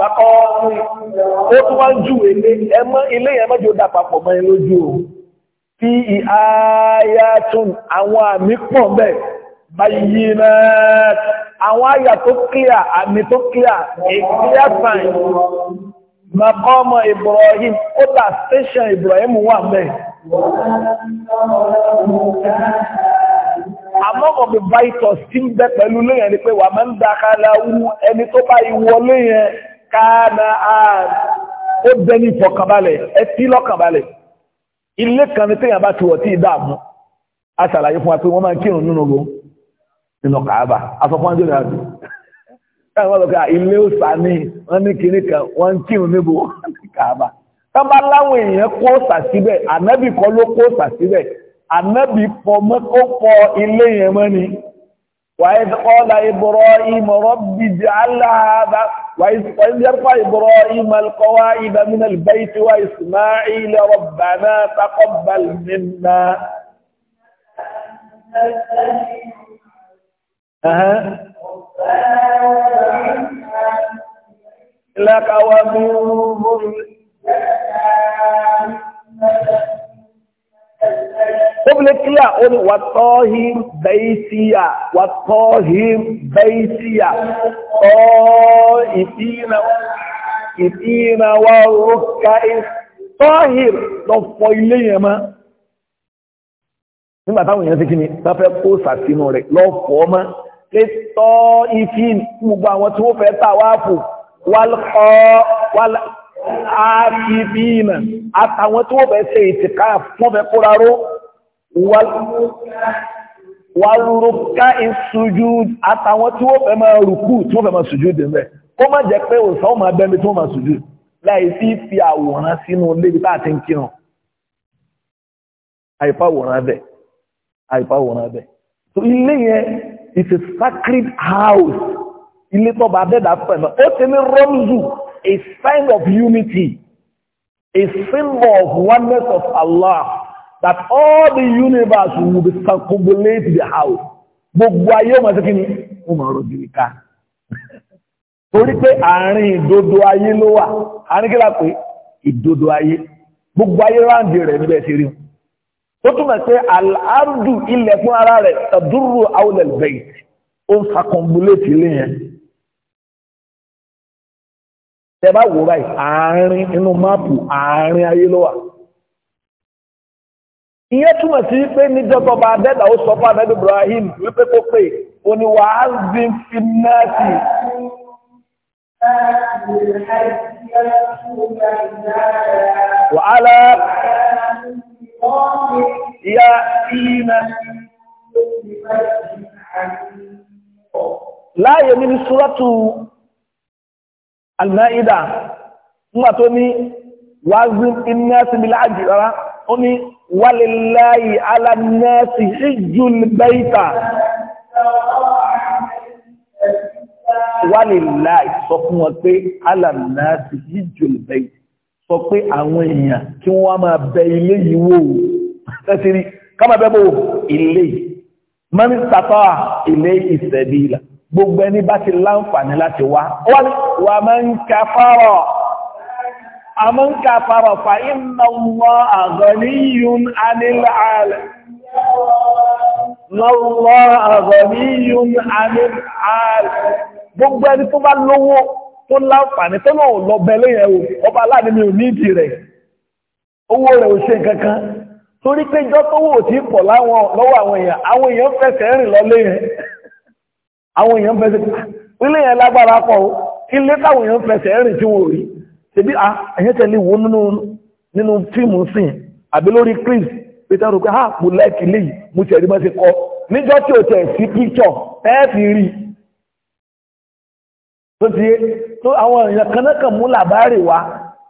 bákọ́ ó tún wá ń jù ilé ẹmọ́ dà papọ̀ mọ́ ẹ lójú o fi ìhàyàtún àwọn àmì pọ̀ bẹ́ báyìí náà àwọn àyà tó kíyà àmì tó kíyà ìkíyà fàìn maqama Ibrahim kódà station Ibrahim wà bẹ́ àmọ́mọ̀ bí báyìtọ̀ sí ń bẹ pẹ̀lú lóyìn ni pé wà máa ń dákàlá ẹni tó bá ìwọlé yẹn káà náà ó bẹ́ ní ìfọ̀kànbalẹ̀ ẹ lọ́kànbalẹ̀ ilé kan ní téèyàn bá ti wọ̀ tí ìdààmú a ṣàlàyé fún wa pé wọ́n máa ń kírun nínú ro nínú kàába asọ́fún àjọ ìrìnàjò táwọn ọlọ́kà ilé òsà ní wọ́n ní kiri kan wọ́n ń kírun níbo kàába tábà láwọn èèyàn kó òsà síbẹ̀ ànábì kọ́ ló kó òsà síbẹ̀ ànábì fọmọ́ kó fọ ilé yẹn mọ́ ni. وإذ قال إبراهيم رب اجعل هذا وإذ يرفع إبراهيم القواعد من البيت وإسماعيل ربنا تقبل منا أه. لك ومن obìnrin kílíà ó ní wàtọ́hìm bẹ́ẹ̀síyà wàtọ́hìm bẹ́ẹ̀síyà ọ́ ìfìnà wà rúkà tọ́hìm lọ fọ ilé yẹn mọ́ nígbà táwọn èèyàn ti kí ni wọ́n fẹ́ kó sàtínú rẹ̀ lọ fọ́ mọ́ pé tọ́ ìfìn gbogbo àwọn tí wọ́n fẹ́ tà wá fò wálkọ́ àtàwọn tí wọ́n fẹ́ ṣe ìtìkáà wọ́n fẹ́ wàlúrúká ìsújú àtàwọn tí wọ́n fẹ́ máa rùkú tí wọ́n fẹ́ máa sùjú dẹ̀mẹ́ kó má jẹ́ pé òsàn máa bẹ́mi tí wọ́n máa sùjú láì sí fi àwòrán sínú lébi tá àti ń kírun àìfàwòrán bẹ̀ àìfàwòrán bẹ̀ so ilé yẹn it's a sacred house ilé tó bá dẹ́dà pẹ̀lú ó ti ní rọ́mùzù a sign of unity a symbol of oneness of Allah that all the universe will be circumambulate the house. Gbogbo ayé ọmọ sí kíni, ó mọ̀ ọ̀rọ̀ gírí ká. Torí pé àárín ìdodo ayé ló wà, àárín kí lápé ìdodo ayé. Gbogbo ayé ráǹdì rẹ̀ níbẹ̀ sí rí. Ó túmọ̀ pé àlárùdù ilẹ̀ fún ara rẹ̀ tàdúrù Tẹ bá wò báyìí, àárín inú máàpù àárín ayé ló wà ìyẹn túmọ̀ sí pé níjọ́tọ̀ bá dẹ́dà ó sọ fún ànábì Ibrahim wípé kó pè ó ní wàá zi fi náàtì. wàhálà ìyá ìyínà láàyè nínú súrọ́tù Al-Ma'idah nígbà tó ní wàá zi fi náàtì bí láàjì rárá ó ní walillahi ala nasi hijjul baita walillahi sọ fún wọn pé ala nasi hijjul baita sọ pé àwọn èèyàn kí wọ́n máa bẹ ilé yìí wò tẹ́sìrí káma bẹ́ bò ilé man istata'a ilayhi sabila gbogbo ẹni bá ti láǹfààní láti wá wà man kafara àmọ́ ń ka farọ̀fà iná wọ́ àgọ́níyún anílàálẹ̀. Lọ́wọ́ àgọ́níyún anílàálẹ̀. Gbogbo ẹni tó bá lówó tó láǹfààní tó náà lọ bẹ̀lẹ̀ yẹn o, ọba aláàdé mi ò nídìí rẹ̀. Owó rẹ̀ ò ṣe kankan. Torí pé jọ́ tó wò tí pọ̀ láwọn lọ́wọ́ àwọn èèyàn, àwọn èèyàn fẹsẹ̀ rìn lọlé yẹn tẹbí a ah, ẹ̀yẹ́ tẹ̀lé wo nínú fíìmù sìn àbí lórí chris peter rò pé ha ah, mo láìkì léyìí mo tẹ̀ rí mọ́sí kọ́ níjọ́ tí ò tẹ̀ sí píkṣọ̀ tẹ́ẹ̀fì rí tó ti tó àwọn èèyàn kan náà kàn mú làbárè wá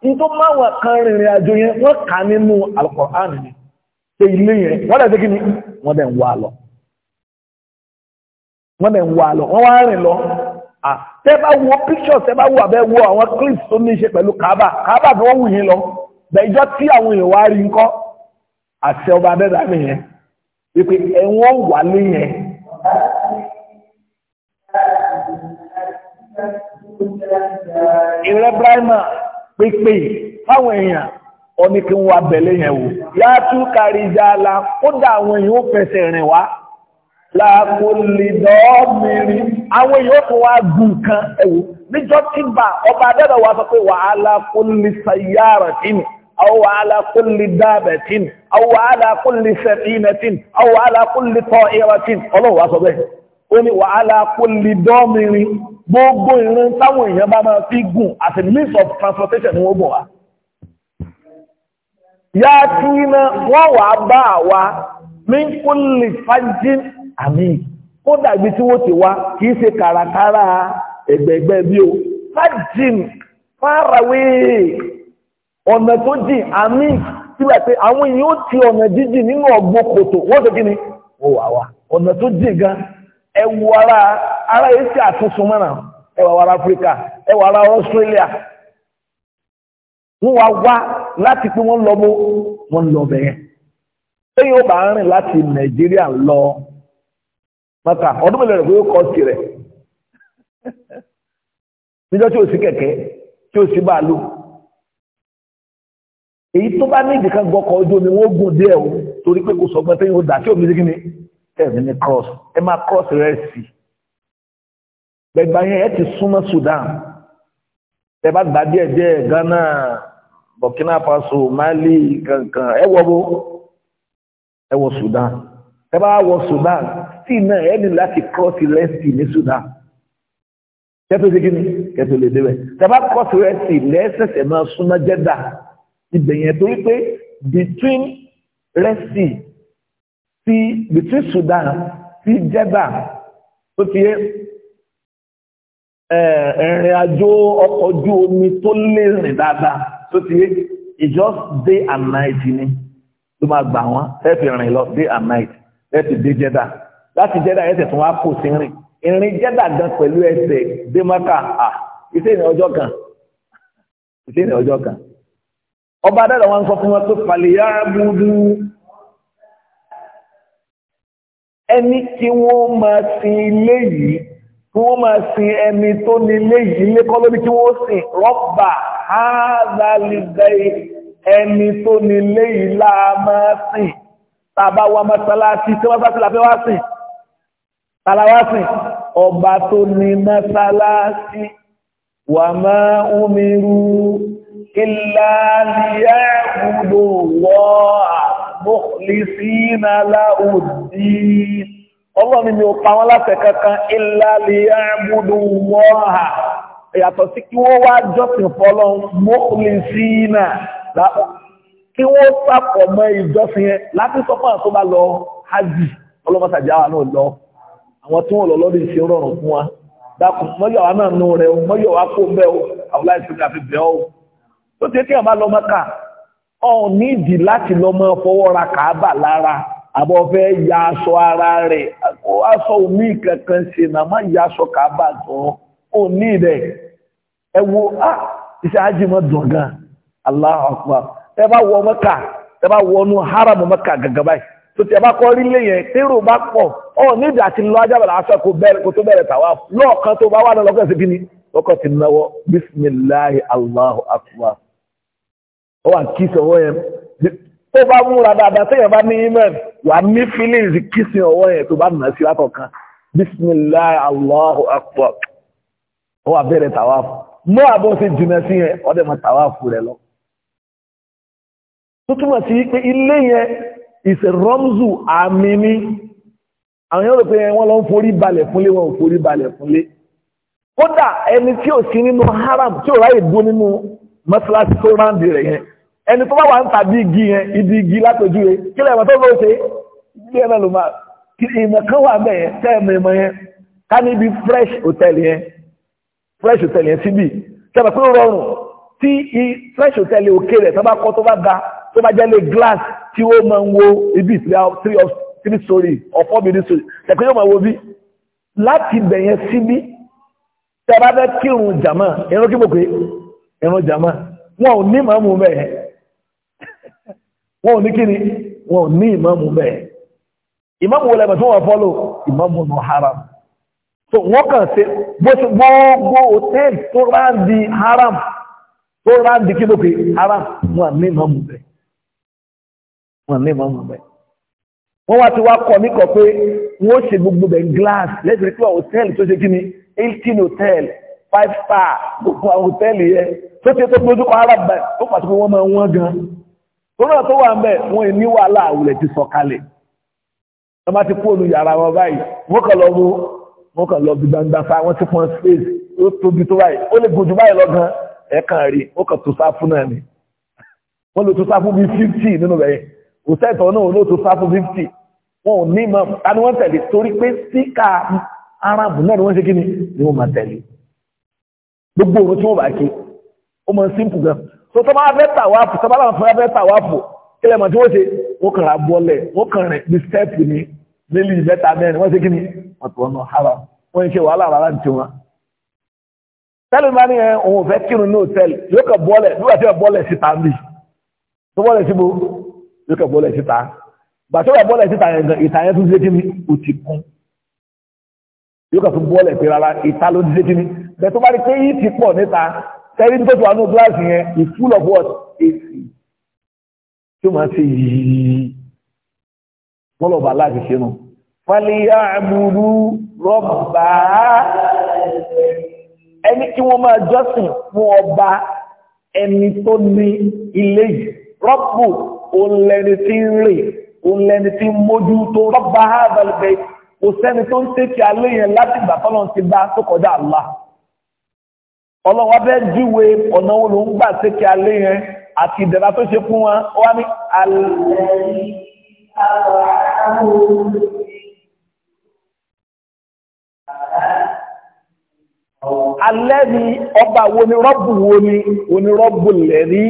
ní tó máwọn kan rìnrìn àjò yẹn wọ́n kà nínú Al-Qur'an ni ṣe ilé yẹn wọ́n dẹ̀ kí ni wọ́n dẹ̀ ń wá lọ wọ́n dẹ̀ ń lọ wọ́n wá rìn lọ ah, tẹ́ bá wo pictures tẹ́ bá wo àbẹ́ wo àwọn clips tó ní ṣe pẹ̀lú kaaba kaaba tó wù yín lọ bẹ̀ẹ́jọ́ tí àwọn èèyàn wá rí ńkọ́ àṣẹ ọba abẹ́dá nìyẹn wípé ẹ̀wọ̀n wà léyẹn. ìrẹ́ brahima pépè fáwọn èèyàn ọ̀nìkí ń wa bẹ̀lẹ́ yẹn wò yá tú kárí ìjà la kódà àwọn èèyàn ó fẹsẹ̀ rìn wá láàkó lè dọ́ọ̀mìnrin àwọn èèyàn tó wá gùn kan ẹ̀wò níjọ́ tí bá ọba adẹ́rẹ̀ wa sọ pé wàhálà kó lè sàyàrà tìǹ àwọn wàhálà kó lè dáàbẹ̀ tìǹ àwọn wàhálà kó lè sẹ̀fìnà tìǹ àwọn wàhálà kó lè tọ́ ẹ̀rọ tìǹ ọlọ́run wa sọ bẹ́ẹ̀ ó ní wàhálà kó lè dọ́ọ̀mìnrin gbogbo ìrìn táwọn èèyàn bá máa fi gùn as means of transportation ni wọ́n bọ̀ wá. yá tí iná wọ́n wàá bá àwa min kulli fajjin àmì ó dàbí tí wọ́n ti wá kìí ṣe kàràkàrà bí o fájìn fárawé ọ̀nà tó jìn àmì síbẹ̀ pé àwọn èèyàn ó ti ọ̀nà jíjìn nínú ọ̀gbọ́n kòtò wọ́n ṣe kí ni wọ́n wà wá ọ̀nà tó jìn gan ẹwù Australia wọ́n wá wá láti pé wọ́n lọ wọ́n lọ ó lọ maka ọdún mélòó rẹ̀ pé ó kọ́ sí rẹ̀ níjọ́ tí ò sí kẹ̀kẹ́ tí ò sí bàálù èyí tó bá ní ìdìkan gbọ́kọ̀ ojú omi wọ́n gùn díẹ̀ o torí pé kò sọgbọ́n tẹ́yìn ó dà tí òmìnirí kíni tẹ̀mí ní cross ẹ máa cross rẹ̀ sí gbẹgbà yẹn ẹ ti súnmọ́ Sudan ẹ bá gbà díẹ̀ díẹ̀ Ghana Burkina Faso Mali kankan ẹ wọ bo ẹ wọ Sudan ẹ bá wọ Sudan tí náà ẹ ní láti cross lẹ́sì ní Sudan kẹtù sí kíni kẹtù lè débẹ̀ tẹ́bá cross lẹ́sì lẹ́sẹ̀sẹ̀ máa súnmọ́ Jeddah ibẹ̀ yẹn torí pé between lẹ́sì sí between Sudan sí Jeddah tó ti yẹ ẹ̀rìn eh, àjò ọkọ̀ ojú omi tó lè rìn dáadáa tó ti yé it's just day and night ni ló máa gbà wọ́n fẹ́ẹ́ fi rìn lọ day and night ẹ ti dé jẹ́dà láti jẹ́dà ẹ̀sẹ̀ tún wá kò sí rìn ìrìn jẹ́dà gan pẹ̀lú ẹsẹ̀ dé mọ́kà à iṣẹ́ ìrìn ọjọ́ kan iṣẹ́ ìrìn ọjọ́ kan ọba adára wọn sọ fún wọn pé fàlìyà búdú ẹni tí wọ́n máa sin ilé yìí tí wọ́n máa sin ẹni tó ní ilé yìí ilé kọ́ lórí tí wọ́n sin rọ́bà házàlìdẹ́ ẹni tó ní ilé yìí láà máa sìn tàbá wa mọ́sálásí tí wọ́n bá sí làfẹ́ wá sìn tàlàwásìn ọba tó ní mọ́sálásí wà máa ń mìírú ìlàlìyà ìgbò wọ́ àmúlìsínà láòdí ọlọ́ni mi ò pa wọ́n láti kankan ìlàlìyà ìgbò wọ́ à yàtọ̀ sí kí wọ́n wá jọ́sìn fọ́lọ́ mọ́kùnlẹ̀sínà láòdí kí wọ́n papọ̀ mọ́ ìjọsìn ẹ láti sọpọ̀ bá lọ hajj ọlọ́mọsàjà wa náà lọ àwọn tí wọ́n lọ lọ́dún rọrùn fún wa dákun mọ́yọ̀ náà nù rẹ̀ kó o o tó ti kí lọ ọ̀hún láti lọ mọ́ fọwọ́ ra kàábà lára àbọ̀ ya aṣọ ara rẹ̀ aṣọ omi kankan ṣe ya aṣọ kàábà ní tẹ bá wọ mẹ́kà tẹ bá wọ inú haram mẹ́kà gàgà báyìí tó tẹ bá kọ́ rílé yẹn tẹ́rù bá pọ̀ ọ níbi àti lọ ajábàlá aṣọ kò bẹ̀rẹ̀ kò tó bẹ̀rẹ̀ tàwa lọ́ọ̀kan tó bá wà lọ lọ́kàn sí kí ni lọ́kàn ti náwó bisimilahi allahu akbar ó wà kí sọ̀wọ́ yẹn tó bá múra dáadáa téèyàn bá ní imẹ̀ wà ní feelings kí sin ọwọ́ yẹn tó bá nà sí látọ̀kan bisimilahi allahu akbar ó wà bẹ̀rẹ̀ tàwa mọ́ àbọ̀ sí jìnnà sí yẹn ọdẹ tó túnmọ̀ sí pé ilé yẹn ìsẹ̀rọ́mùsù àmì ní àwọn yóò rò pé wọ́n lọ ń forí balẹ̀ fúnlé wọn ò forí balẹ̀ fúnlé kódà ẹni tí ò sí nínú haram tí ò ráyè dún nínú mọ́sálásí tó ráǹdì rẹ̀ yẹn ẹni tó bá wà ń tàbí igi yẹn ibi igi látọjú rẹ̀ kí lẹ́yìn tó fẹ́ ṣe bí ẹ̀rọ ló máa kí ìmọ̀ kan wà bẹ́ẹ̀ yẹn tẹ́ ẹ̀mọ̀ ìmọ̀ yẹn ká níbi fresh hotel yẹn fresh hotel yẹn síbì tẹ́lẹ̀ pé ó rọrùn tí fresh hotel òkè rẹ̀ tó bá kọ́ tó bá da tó bá jẹ́ lé glass tí ó máa ń wo ibi three story or four building story tẹ̀kọ́ yóò máa wo bí láti bẹ̀yẹn síbí tẹ́bá fẹ́ kírun jàmá irun kí mo pé irun jama. wọn ò ní màmú bẹ́ẹ̀ wọn ò ní kí ni wọn ò ní ìmáàmù bẹ́ẹ̀ ìmáàmù wọlé ẹ̀bẹ̀ tó wọ́n fọ́lò ìmáàmù nù haram so wọ́n kàn sí gbogbo hòtẹ́ẹ̀lì tó ráǹdì haram tó ráǹdì kí ló pé haram wọn ní ìmáàmù bẹ́ẹ̀ wọn ní ìmọ̀ọ́mù bẹ́ẹ̀. wọ́n wá ti wá kọ́ mí kọ́ pé wọ́n ṣe gbogbo bẹ̀ glass lẹ́sìn pé hòtẹ́ẹ̀lì tó ṣe kí ni eighteen hotel five star gbogbo àwọn hòtẹ́ẹ̀lì yẹn tó ṣe tó gbójú kọ́ arab bẹ́ẹ̀ tó pàtó pé wọ́n máa wọ́n gan. torí náà tó wà ń bẹ̀ wọ́n ì ní wàhálà àwùlẹ̀ ti sọ kalẹ̀. wọ́n bá ti kú olú yàrá wọn báyìí wọ́n kàn lọ wọ́n kàn lọ bí gbangba fa wọ́n ti pọn space ó tóbi tó báyìí ó lè gbòjú báyìí lọ gan ẹ̀ẹ̀kan rí ó kàn tó sáfún náà ni wọ́n lè tó sáfún bíi fifty nínú bẹ̀yẹn òsẹ́tọ̀ náà ló tó sáfún 50 wọn ò ní mọ́ tani wọ́n tẹ̀lé torí pé síkà arábù náà ni wọ́n ṣe kí ni ni wọ́n máa tẹ̀lé gbogbo òun tí wọ́n bá ké ó mọ̀ simple gan so tọ́ bá fẹ́ tàwáàpù tọ́ bá láwọn fẹ́ tàwáàpù kí lẹ́mọ̀ tí wọ́n ṣe wọ́n kàn ra bọ́ọ̀lẹ̀ wọ́n kàn rìn ní stẹ́ẹ̀pù ni nílì mẹ́ta mẹ́rin wọ́n ṣe kí ni ọ̀tọ̀ ọ̀nà ara wọ́n ń ṣe wàhálà rárá ti wọn. tẹ́lẹ̀ máa ní ẹ̀ òun ò fẹ́ kírun ní hòtẹ́ẹ̀lì yóò kàn bọ́ọ̀lẹ̀ nígbà tí wọ́n bọ́ọ̀lẹ̀ sí tàbí tó bọ́ọ̀lẹ̀ síbo yóò kẹ́ bọ́ọ̀lù ẹ̀ síta gbàtí ó wà bọ́ọ̀lù ẹ̀ síta yẹn gan ìta yẹn tún ṣe kíni ó ti kún yóò kẹ́ fún bọ́ọ̀lù ẹ̀ pé rárá ìta ló ti ṣe kíni bẹ́ẹ̀ tó bá rí pé yìí ti pọ̀ níta tẹ́rí tó ti wà nù gíláàsì yẹn is full of what èsì tó máa ṣe yìí bọ́ọ̀lù ọba aláàfin ṣe nù. fàlíyà àmúrú rọ́bà ẹni kí wọ́n máa jọ́sìn fún ọba ẹni tó ní ilé yìí rọ́pù ó lẹ́ni tí ń rìn ó lẹ́ni tí ń mójú tó rọ́bà ábàlùbẹ̀ kò sẹ́ni tó ń tẹ́kì alẹ́ yẹn láti ìgbà tọ́lọ́ ti bá tó kọjá àlá ọlọ́wọ́ bẹ́ẹ̀ júwe ọ̀nà wo ló ń gbà tẹ́kì alẹ́ yẹn àti ìdẹ̀ra tó ṣe fún wọn wá ní alẹ́ alẹ́ ni ọba wo ni rọ́bù wo ni onírọ́bù lẹ́rí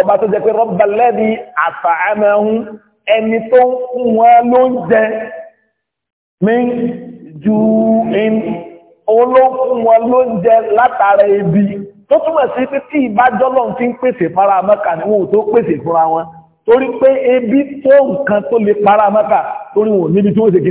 ọba tó jẹ́ pé rọ́bà lẹ́bi àfààmẹ́hún ẹni tó ń fún wọn ló ń jẹ mí ju in òun ló ń fún wọn ló ń jẹ látara ebi tó túmọ̀ sí pé tí ìbájọ́ lọ́n fi ń pèsè fara mẹ́ka ni wọn ò tó pèsè fúnra wọn torí pé ebi tó nǹkan tó lè para mẹ́ka torí wọn níbi tí wọ́n ṣe kí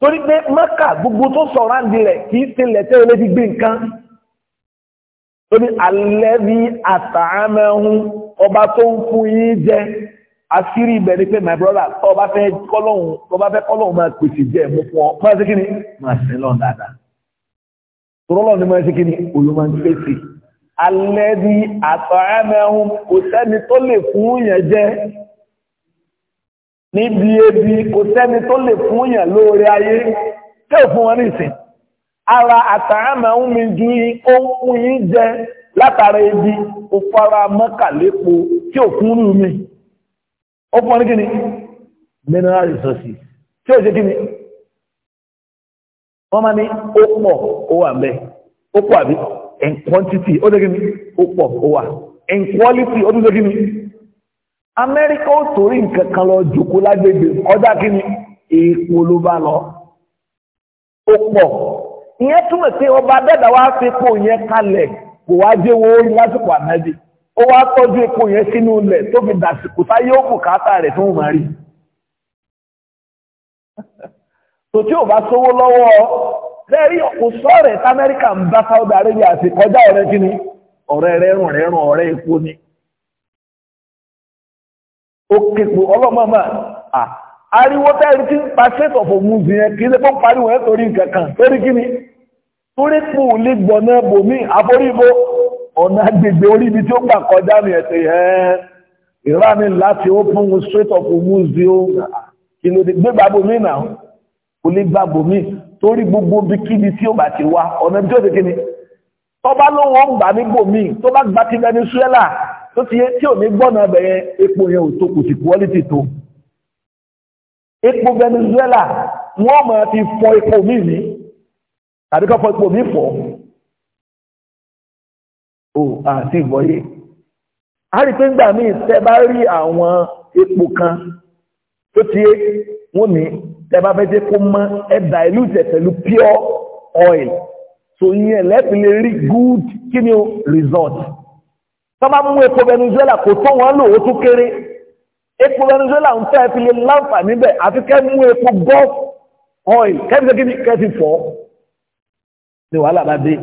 torí pé mọ́kà gbogbo tó sọ̀rọ̀ àǹdí rẹ̀ kì í ṣe lẹ́tẹ́ olè ti gbé nǹkan torí alẹ́bí àtàámẹ́hún ọba tó ń fún yín jẹ àṣírí ibẹ̀ ni pé my brother ọba fẹ́ kọ́lọ́hún ọba fẹ́ kọ́lọ́hún máa pèsè jẹ mú fún ọ máa ṣe kíni máa ṣe lọ́n dáadáa tòrọ́lọ́ ni máa ṣe kíni olú máa ń pèsè alẹ́bí àtàámẹ́hún kò sẹ́ni tó lè fún yẹn jẹ níbi ebi kò sẹ́ni tó lè fún yàn lóore ayé tí ò fún wọn ní ìsìn ara àtàràmà ń mi ju ó ń fún yín jẹ látara ebi ó fara mọ́kàlépo tí ò fún rú mi ó fún ní kíni mineral resources tí ò ṣe kíni wọ́n máa ní ó pọ̀ ó wà bẹ́ẹ̀ ó pọ̀ àbí in quantity ó ṣe kíni ó pọ̀ ó wà in quality ó tún ṣe kíni. amẹ́ríkà ò torí nǹkan kan lọ jòkó lágbègbè ọjà kí ni èèpo ló bá lọ ó pọ̀ ìyẹn túmọ̀ sí ọba dẹ́dà wá fi epo yẹn kalẹ̀ kò wá jẹ́ owó orí lásìkò ànájì ó wá tọ́jú epo yẹn sínú ilẹ̀ tó fi dàsìkò táyé ó bùkátà rẹ̀ tó ń tòtí ò lọ́wọ́ lẹ́rí tí amẹ́ríkà ń bá Saudi ó képo ọlọ́mọ́mọ́ à ariwo tẹ́rì tí ń pa state of omuzi yẹn kí lè fọ́n pariwo ẹ̀ torí nǹkan kan torí kí ni torí pò lè gbọ̀nà bòmí àforíbo ọ̀nà agbègbè orí ibi tí ó gbà kọjá ní ẹ̀sẹ̀ ẹ̀ ìránì láti open state of omuzi ó kí ló dé gbégbá bòmí náà kò lè gbá bòmí torí gbogbo bí kíbi tí ó bá ti wá ọ̀nà tí ó ti kí ni tọ́ba ló wọ́n gbà ní bòmí tó bá gbà ti Venezuela tó ti yé tí ò ní gbọ́nà bẹ̀yẹ epo yẹn ò tó kò sí quality tó epo Venezuela wọ́n máa ti fọ epo mi ní àdúgbò fọ epo mi fọ́ o àti ìgbọ́yé a rí pé ńgbà míì tẹ bá rí àwọn epo kan tó ti yé wọ́n ní tẹ bá fẹ́ jẹ́ kó mọ́ ẹ dilute pẹ̀lú pure oil so yẹn lẹ́pìlẹ̀ rí good kí ni o result tọ́ba mú epo Venezuela kò tó wọn lò ó tún kéré epo Venezuela ń fẹ́ fi lè láǹfààní bẹ̀ àfi kẹ́ mú epo gulf oil kẹ́fíṣẹ́ kí ni kẹ́fí fọ́ ni wàhálà bá dé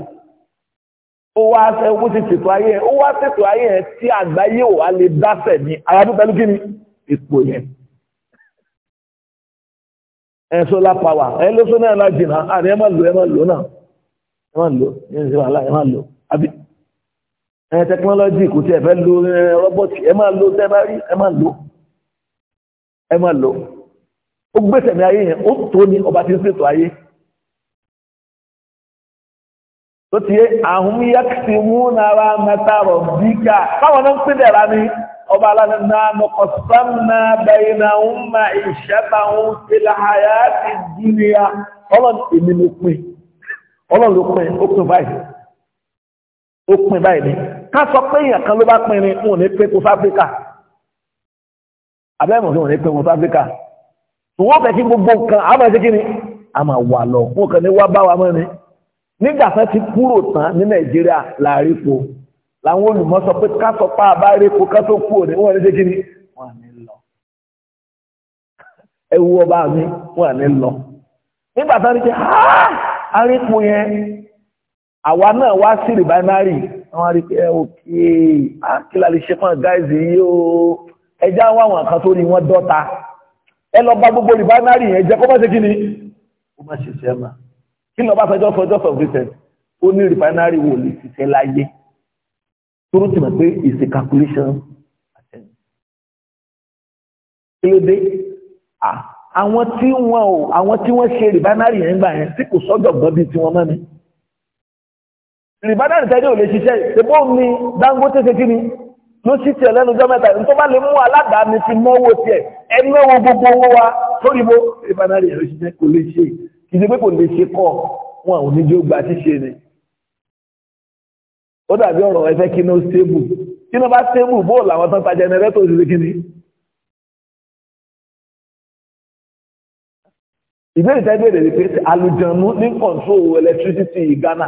ó wá ṣe ó ti ṣètò ayé ẹ̀ ó wá ṣètò ayé ẹ̀ tí àgbáyé ò wá lè dáṣẹ̀ ní arábí pẹ̀lú kí ni epo yẹn ẹ̀ solar power ẹ̀ ló sọ́nà ẹ̀ lájìnà àní ẹ̀ má lò ẹ̀ má lò náà ẹ̀ má lò ẹ̀ má lò àbí ẹ tẹkinọ́lọ́jì kò tí ẹ fẹ́ lo rọ́bọ́tì ẹ máa lo tẹ́ bá rí ẹ máa lo ẹ máa lo ó gbèsè ní ayé yẹn ó tó ní ọba tí ń ṣètò ayé tó ti yé àhún yàtì múna ara mẹ́tàrọ bíkà káwọn náà ń pè dẹ̀ra ní ọba aláàdínà mọ̀kọ̀sánná bẹ̀yìnà ń ma ìṣẹ́ta ń fìlà àyà ti dúnìyà ọlọ́run èmi ló pin ọlọ́run ló pin ó pin báyìí ó pin báyìí ni ká sọ pé èèyàn kan ló bá pinrin wọn ò ní pé kó fáfíríkà abẹ́mọ̀ sí wọn ò ní pé kó fáfíríkà wọ́n fẹ́ kí gbogbo nǹkan àmọ́ ẹ̀ṣẹ́ kí ni a máa wà lọ wọn kàn ní wá bá wa mọ́ ni nígbà tán ti kúrò tán ní Nàìjíríà láàrin po làwọn olùmọ̀ sọ pé ká sọ pé àbárí po ká tó kúrò ní wọn ò ní ṣe kí ni wọn à ní lọ ẹwu ọba mi wọn à ní lọ nígbà tán ni pé àárín po yẹn àwa náà wá sí rìbáínárì wọ́n rí pé ẹ òkè ákìlá lè ṣe fún gáìsì yìí o ẹjá wà wọn kan tó ní wọ́n dọ́ta ẹ lọ bá gbogbo rìbánárì yẹn jẹ kó má ṣe kí ni ó má ṣe ṣe mà kí lọ bá fẹjọ́ fẹjọ́ fọ britain ó ní rìbánárì wò lè ṣiṣẹ́ láyé tóró ti mọ̀ pé ìṣe calculation kí ló dé ah, àwọn tí wọn ò àwọn tí wọn ṣe rìbánárì yẹn gbà yẹn tí kò sọ́dọ̀ gbọ́ bíi tiwọn mọ́ ni ìbádàn ìtẹ́jọ́ ò lè ṣiṣẹ́ ìṣẹ́bó mi Dangote ṣe kí ni ló sì tẹ̀ lẹ́nu ọjọ́ mẹ́ta ní tó bá lè mú aládàáni ti mọ́wó tiẹ̀ ẹni náà wọn gbogbo owó wa lórí bó ìbádàn ìyàrá ṣiṣẹ́ kò lè ṣe kì í ṣe pé kò lè ṣe kọ́ wọn ò ní jó gba ṣíṣe ni. ó dàbí ọ̀rọ̀ ẹ fẹ́ kí iná stable kí iná bá stable bó làwọn tán ta jẹnẹrétọ̀ ṣe kí ni. ìbéèrè tẹ́ bẹ̀rẹ̀ pé alùjànnú ní control electricity Ghana.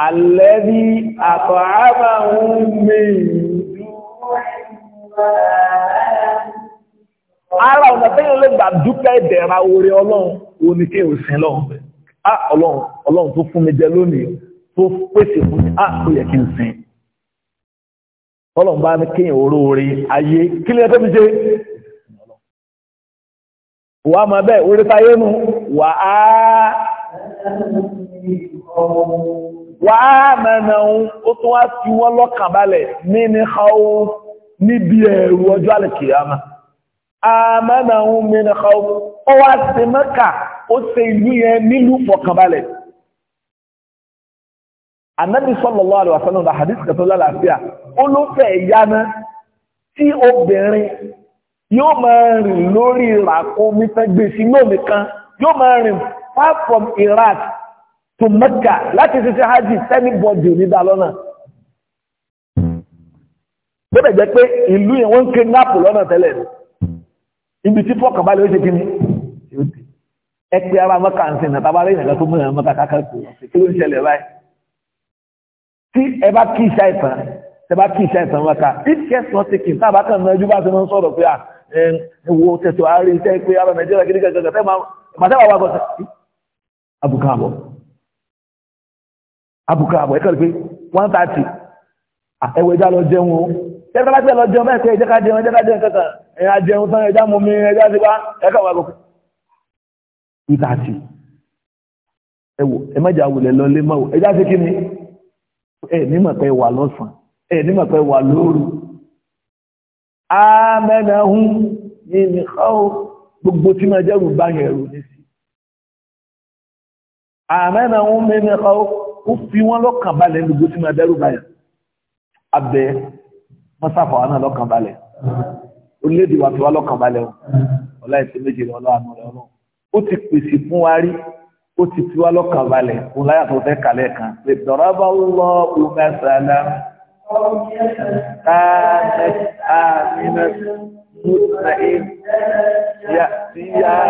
الذي أطعمهم من ara ọ̀nà tẹ́yìn lè gbà dúpẹ́ ìdẹ̀ra orí ọlọ́run oníkẹ́ òsìn lọ́run ah ọlọ́run ọlọ́run tó fún mi jẹ lónìí tó pèsè fún mi ah tó yẹ kí n sìn ọlọ́run bá ní kíyàn oró orí ayé kí lè tó fi ṣe wà á máa bẹ́ẹ̀ orí táyé nu wà á wà á mẹ́nà ohun ó tún wá fi wọ́n lọ́kàn balẹ̀ nínú ọ̀hún níbi ẹ̀rù ọjọ́ alìkìyàmá àmẹ́nà ohun mẹ́nà ọ̀hún ó wá sí mẹ́kà ó ṣe ìlú yẹn nílùú fọkànbalẹ̀ Ànábì sallallahu alaihi wasallam náà hadith kẹtọ́ lálàáfíà ó ló fẹ́ yáná tí obìnrin yóò máa rìn lórí ìràkó mi fẹ́ gbèsè náà nìkan yóò máa rìn far from Iraq to Mẹ́kà láti ṣiṣẹ́ hajj sẹ́ni bọ́dì onídà lọ́nà bẹ́ẹ̀ jẹ́ pé ìlú yẹn wọ́n ń ké nápù lọ́nà tẹ́lẹ̀ ni ibi tí fọ́kànbalẹ̀ ó ṣe kíni ẹ pé ara Mẹ́kà ń sìn náà tábàárà ìyàgá tó mú ìyàgá Mẹ́kà kákàkì kí ló ń ṣẹlẹ̀ báyìí tí ẹ bá kí iṣẹ́ ìtàn ẹ bá kí iṣẹ́ ìtàn Mẹ́kà if yes not taken tá a bá kàn náà ju bá a ti máa ń sọ̀rọ̀ pé à wo tẹ̀sọ̀ àárín iṣẹ́ pé ara Nàìjíríà kí abùkà àbọ̀ ẹ̀kọ́ pé one thirty ẹ̀wọ̀ ẹja lọ jẹun o ẹ̀ka bá tẹ̀ jẹun bẹ́ẹ̀ sẹ́ ká jẹun ẹ̀jẹ̀ ká jẹun kankan ẹ̀yà jẹun tán ẹja mú mi ẹja ti wá ẹ̀ka wà lọ. two thirty ẹ̀wọ̀ ẹ mẹ́jà wulẹ̀ lọ lé mọ́wọ́ ẹja ti kí ni ẹ̀ nímọ̀ pé wà lọ́sàn-án ẹ̀ nímọ̀ pé wà lóru. amẹ́nahun ni nìkan gbogbo tí máa jẹ́rù bá yẹn rò ní sí àmẹ́nà ń mẹ́rin ẹ̀kọ́ ó fi wọ́n lọ́kàn balẹ̀ ní gbogbo tí máa dẹ́rù báyà abẹ́ mọ́sáfà wa náà lọ́kàn balẹ̀ orílẹ̀-èdè wa fi wá lọ́kàn balẹ̀ o ọ̀la ẹ̀sìn méjì rẹ̀ ọlọ́run rẹ̀ ọlọ́run ó ti pèsè fún wa rí ó ti fi wá lọ́kàn balẹ̀ fún láyà tó fẹ́ kàlẹ́ kan lè dọ̀rọ̀ lọ ọgbà sàlá àmì àmì náà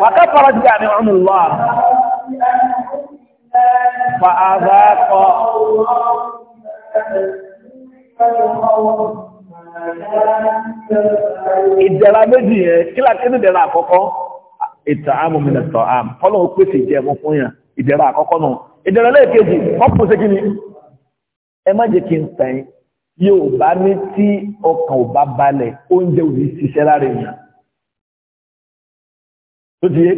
فكفرت يعني عم الله فأذاق ìdẹ̀ra méjì yẹn kílà kí ní ìdẹ̀ra àkọ́kọ́ ìtààmù mìnàtọ̀ àmù fọ́lọ̀ pèsè ìjẹmọ́ fún yàn ìdẹ̀ra àkọ́kọ́ náà ìdẹ̀ra lẹ́ẹ̀kejì wọ́n pèsè kí ni ẹ má jẹ́ kí n tẹ̀yìn yóò bá ní tí ọkàn ò bá balẹ̀ oúnjẹ ò ní ṣiṣẹ́ lára èèyàn tó ti yé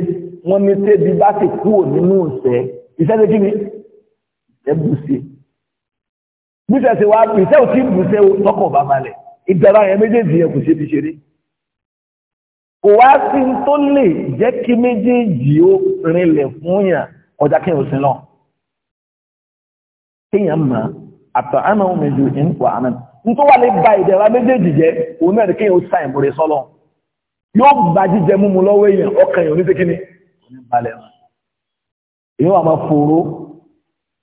wọ́n ní tẹ́bi bá ti kúrò nínú ìṣẹ́ ìṣẹ́ kí ni ìṣẹ́ bùṣe bùṣe ṣe wá ìṣẹ́ ò tí bùṣe ọkàn ò bá balẹ̀ ìjọba yẹn méjèèjì yẹn kò ṣe fi ṣeré kò wá sí tó lè jẹ́ kí méjèèjì ó rinlẹ̀ fún yàn ọjà kí n ò sin lọ kéèyàn máa àtàánà omi ju ìnkù àmì ní tó wà lè ba ìdẹ̀ra méjèèjì jẹ́ òun náà kí o sa ìmúre sọ́lọ́ yóò gba jíjẹ múmu lọ́wọ́ èèyàn ọkàn èèyàn oníṣẹ́ kíni balẹ̀ wọn èèyàn wà máa fòró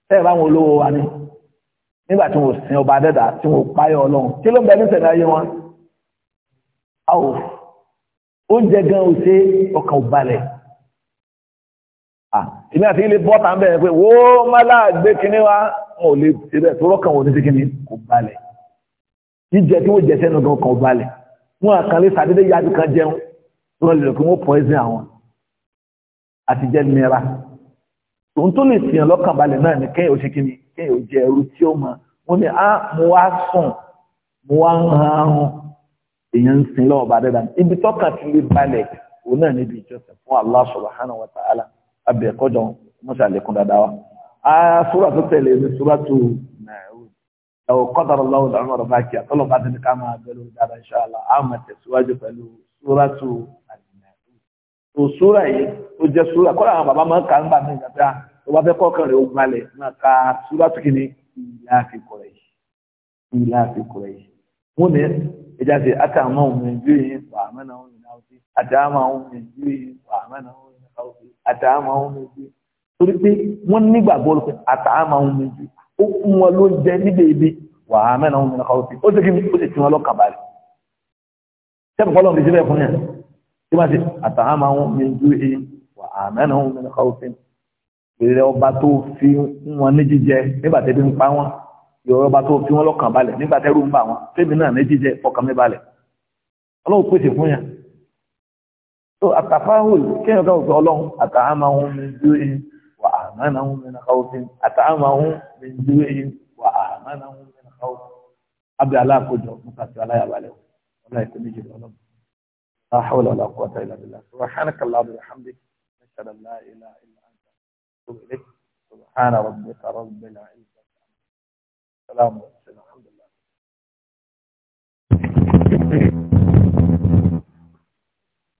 tẹ́ẹ̀ bá wọn olówó wa ní nígbà tí wọn sin ọba adẹ́dà tí wọn páyọ ọlọ́run kí ló ń bẹ ní sẹ̀dá ayé wọn a ò oúnjẹ gan ò ṣe ọkàn ò balẹ̀ ìmí àti ilé bọ́ta ń bẹ̀rẹ̀ pé wó má láàgbé kíní wa wọn ò lè ṣe bẹ́ẹ̀ tọ́rọ kan wọn ní síkíní kò balẹ̀ jíjẹ tí wọ́n jẹ sẹ́nu gan kan balẹ̀ wọn àkànlé sàdédé yájú kan jẹun wọn lè kí wọ́n poison àwọn àti jẹ́ mìíràn tòun tó lè fìyàn lọ́kàn balẹ̀ náà ní kẹ́yìn òṣèkíní kẹ́yìn ò jẹ ẹrú tí ó mọ wọn ni ah mo wá sùn mo wá ń han ahun èèyàn ń sin lọ́wọ́ bá dáadáa ibi tọ́ka ti lè balẹ̀ òun náà níbi ìjọsìn fún Allah subhanahu wa ta'ala abẹ́ẹ̀kọ́jọ́ mọ́ṣálékún dáadáa wa. sura tó tẹ̀lé ní sura tó ẹ̀wọ̀ qadara Allahu al-umra baqiya àtọ́lọ̀ bá ti ní ká máa bẹ̀rù dára sura yìí ó jẹ́ sura kọ́lá àwọn bàbá máa ń kà ń gbà mí gàdá bá fẹ́ kọ́kàn sura tó torí pé wọ́n nígbàgbọ́ lọ́pẹ́ àtàámà ohun méjì ó fún wọn ló ń jẹ níbi ibi wà á mẹ́rin ohun mìíràn kọ́ọ̀tì ó sì kí ó sì tí wọn lọ́kà báyìí tẹ́pù kọ́lọ̀ fi síbẹ̀ fún yẹn tí wọ́n ti àtàámà ohun méjì yìí wà á mẹ́rin ohun mìíràn kọ́ọ̀tì ìrẹ́ ọba tó fi ọlọ́run pèsè fún yẹn tó àtàfáwò kéèyàn kan sọ ọlọ́run àtàámà ohun méjì yìí وآمنه من خوف أطعمه من جوع وآمنه من خوف أبي على كجو مكاسي على يباله والله يكون يجي العلم لا حول ولا قوة إلا بالله سبحانك الله وبحمدك نشهد لا إله إلا أنت نتوب سبحان ربك رب العزة السلام عليكم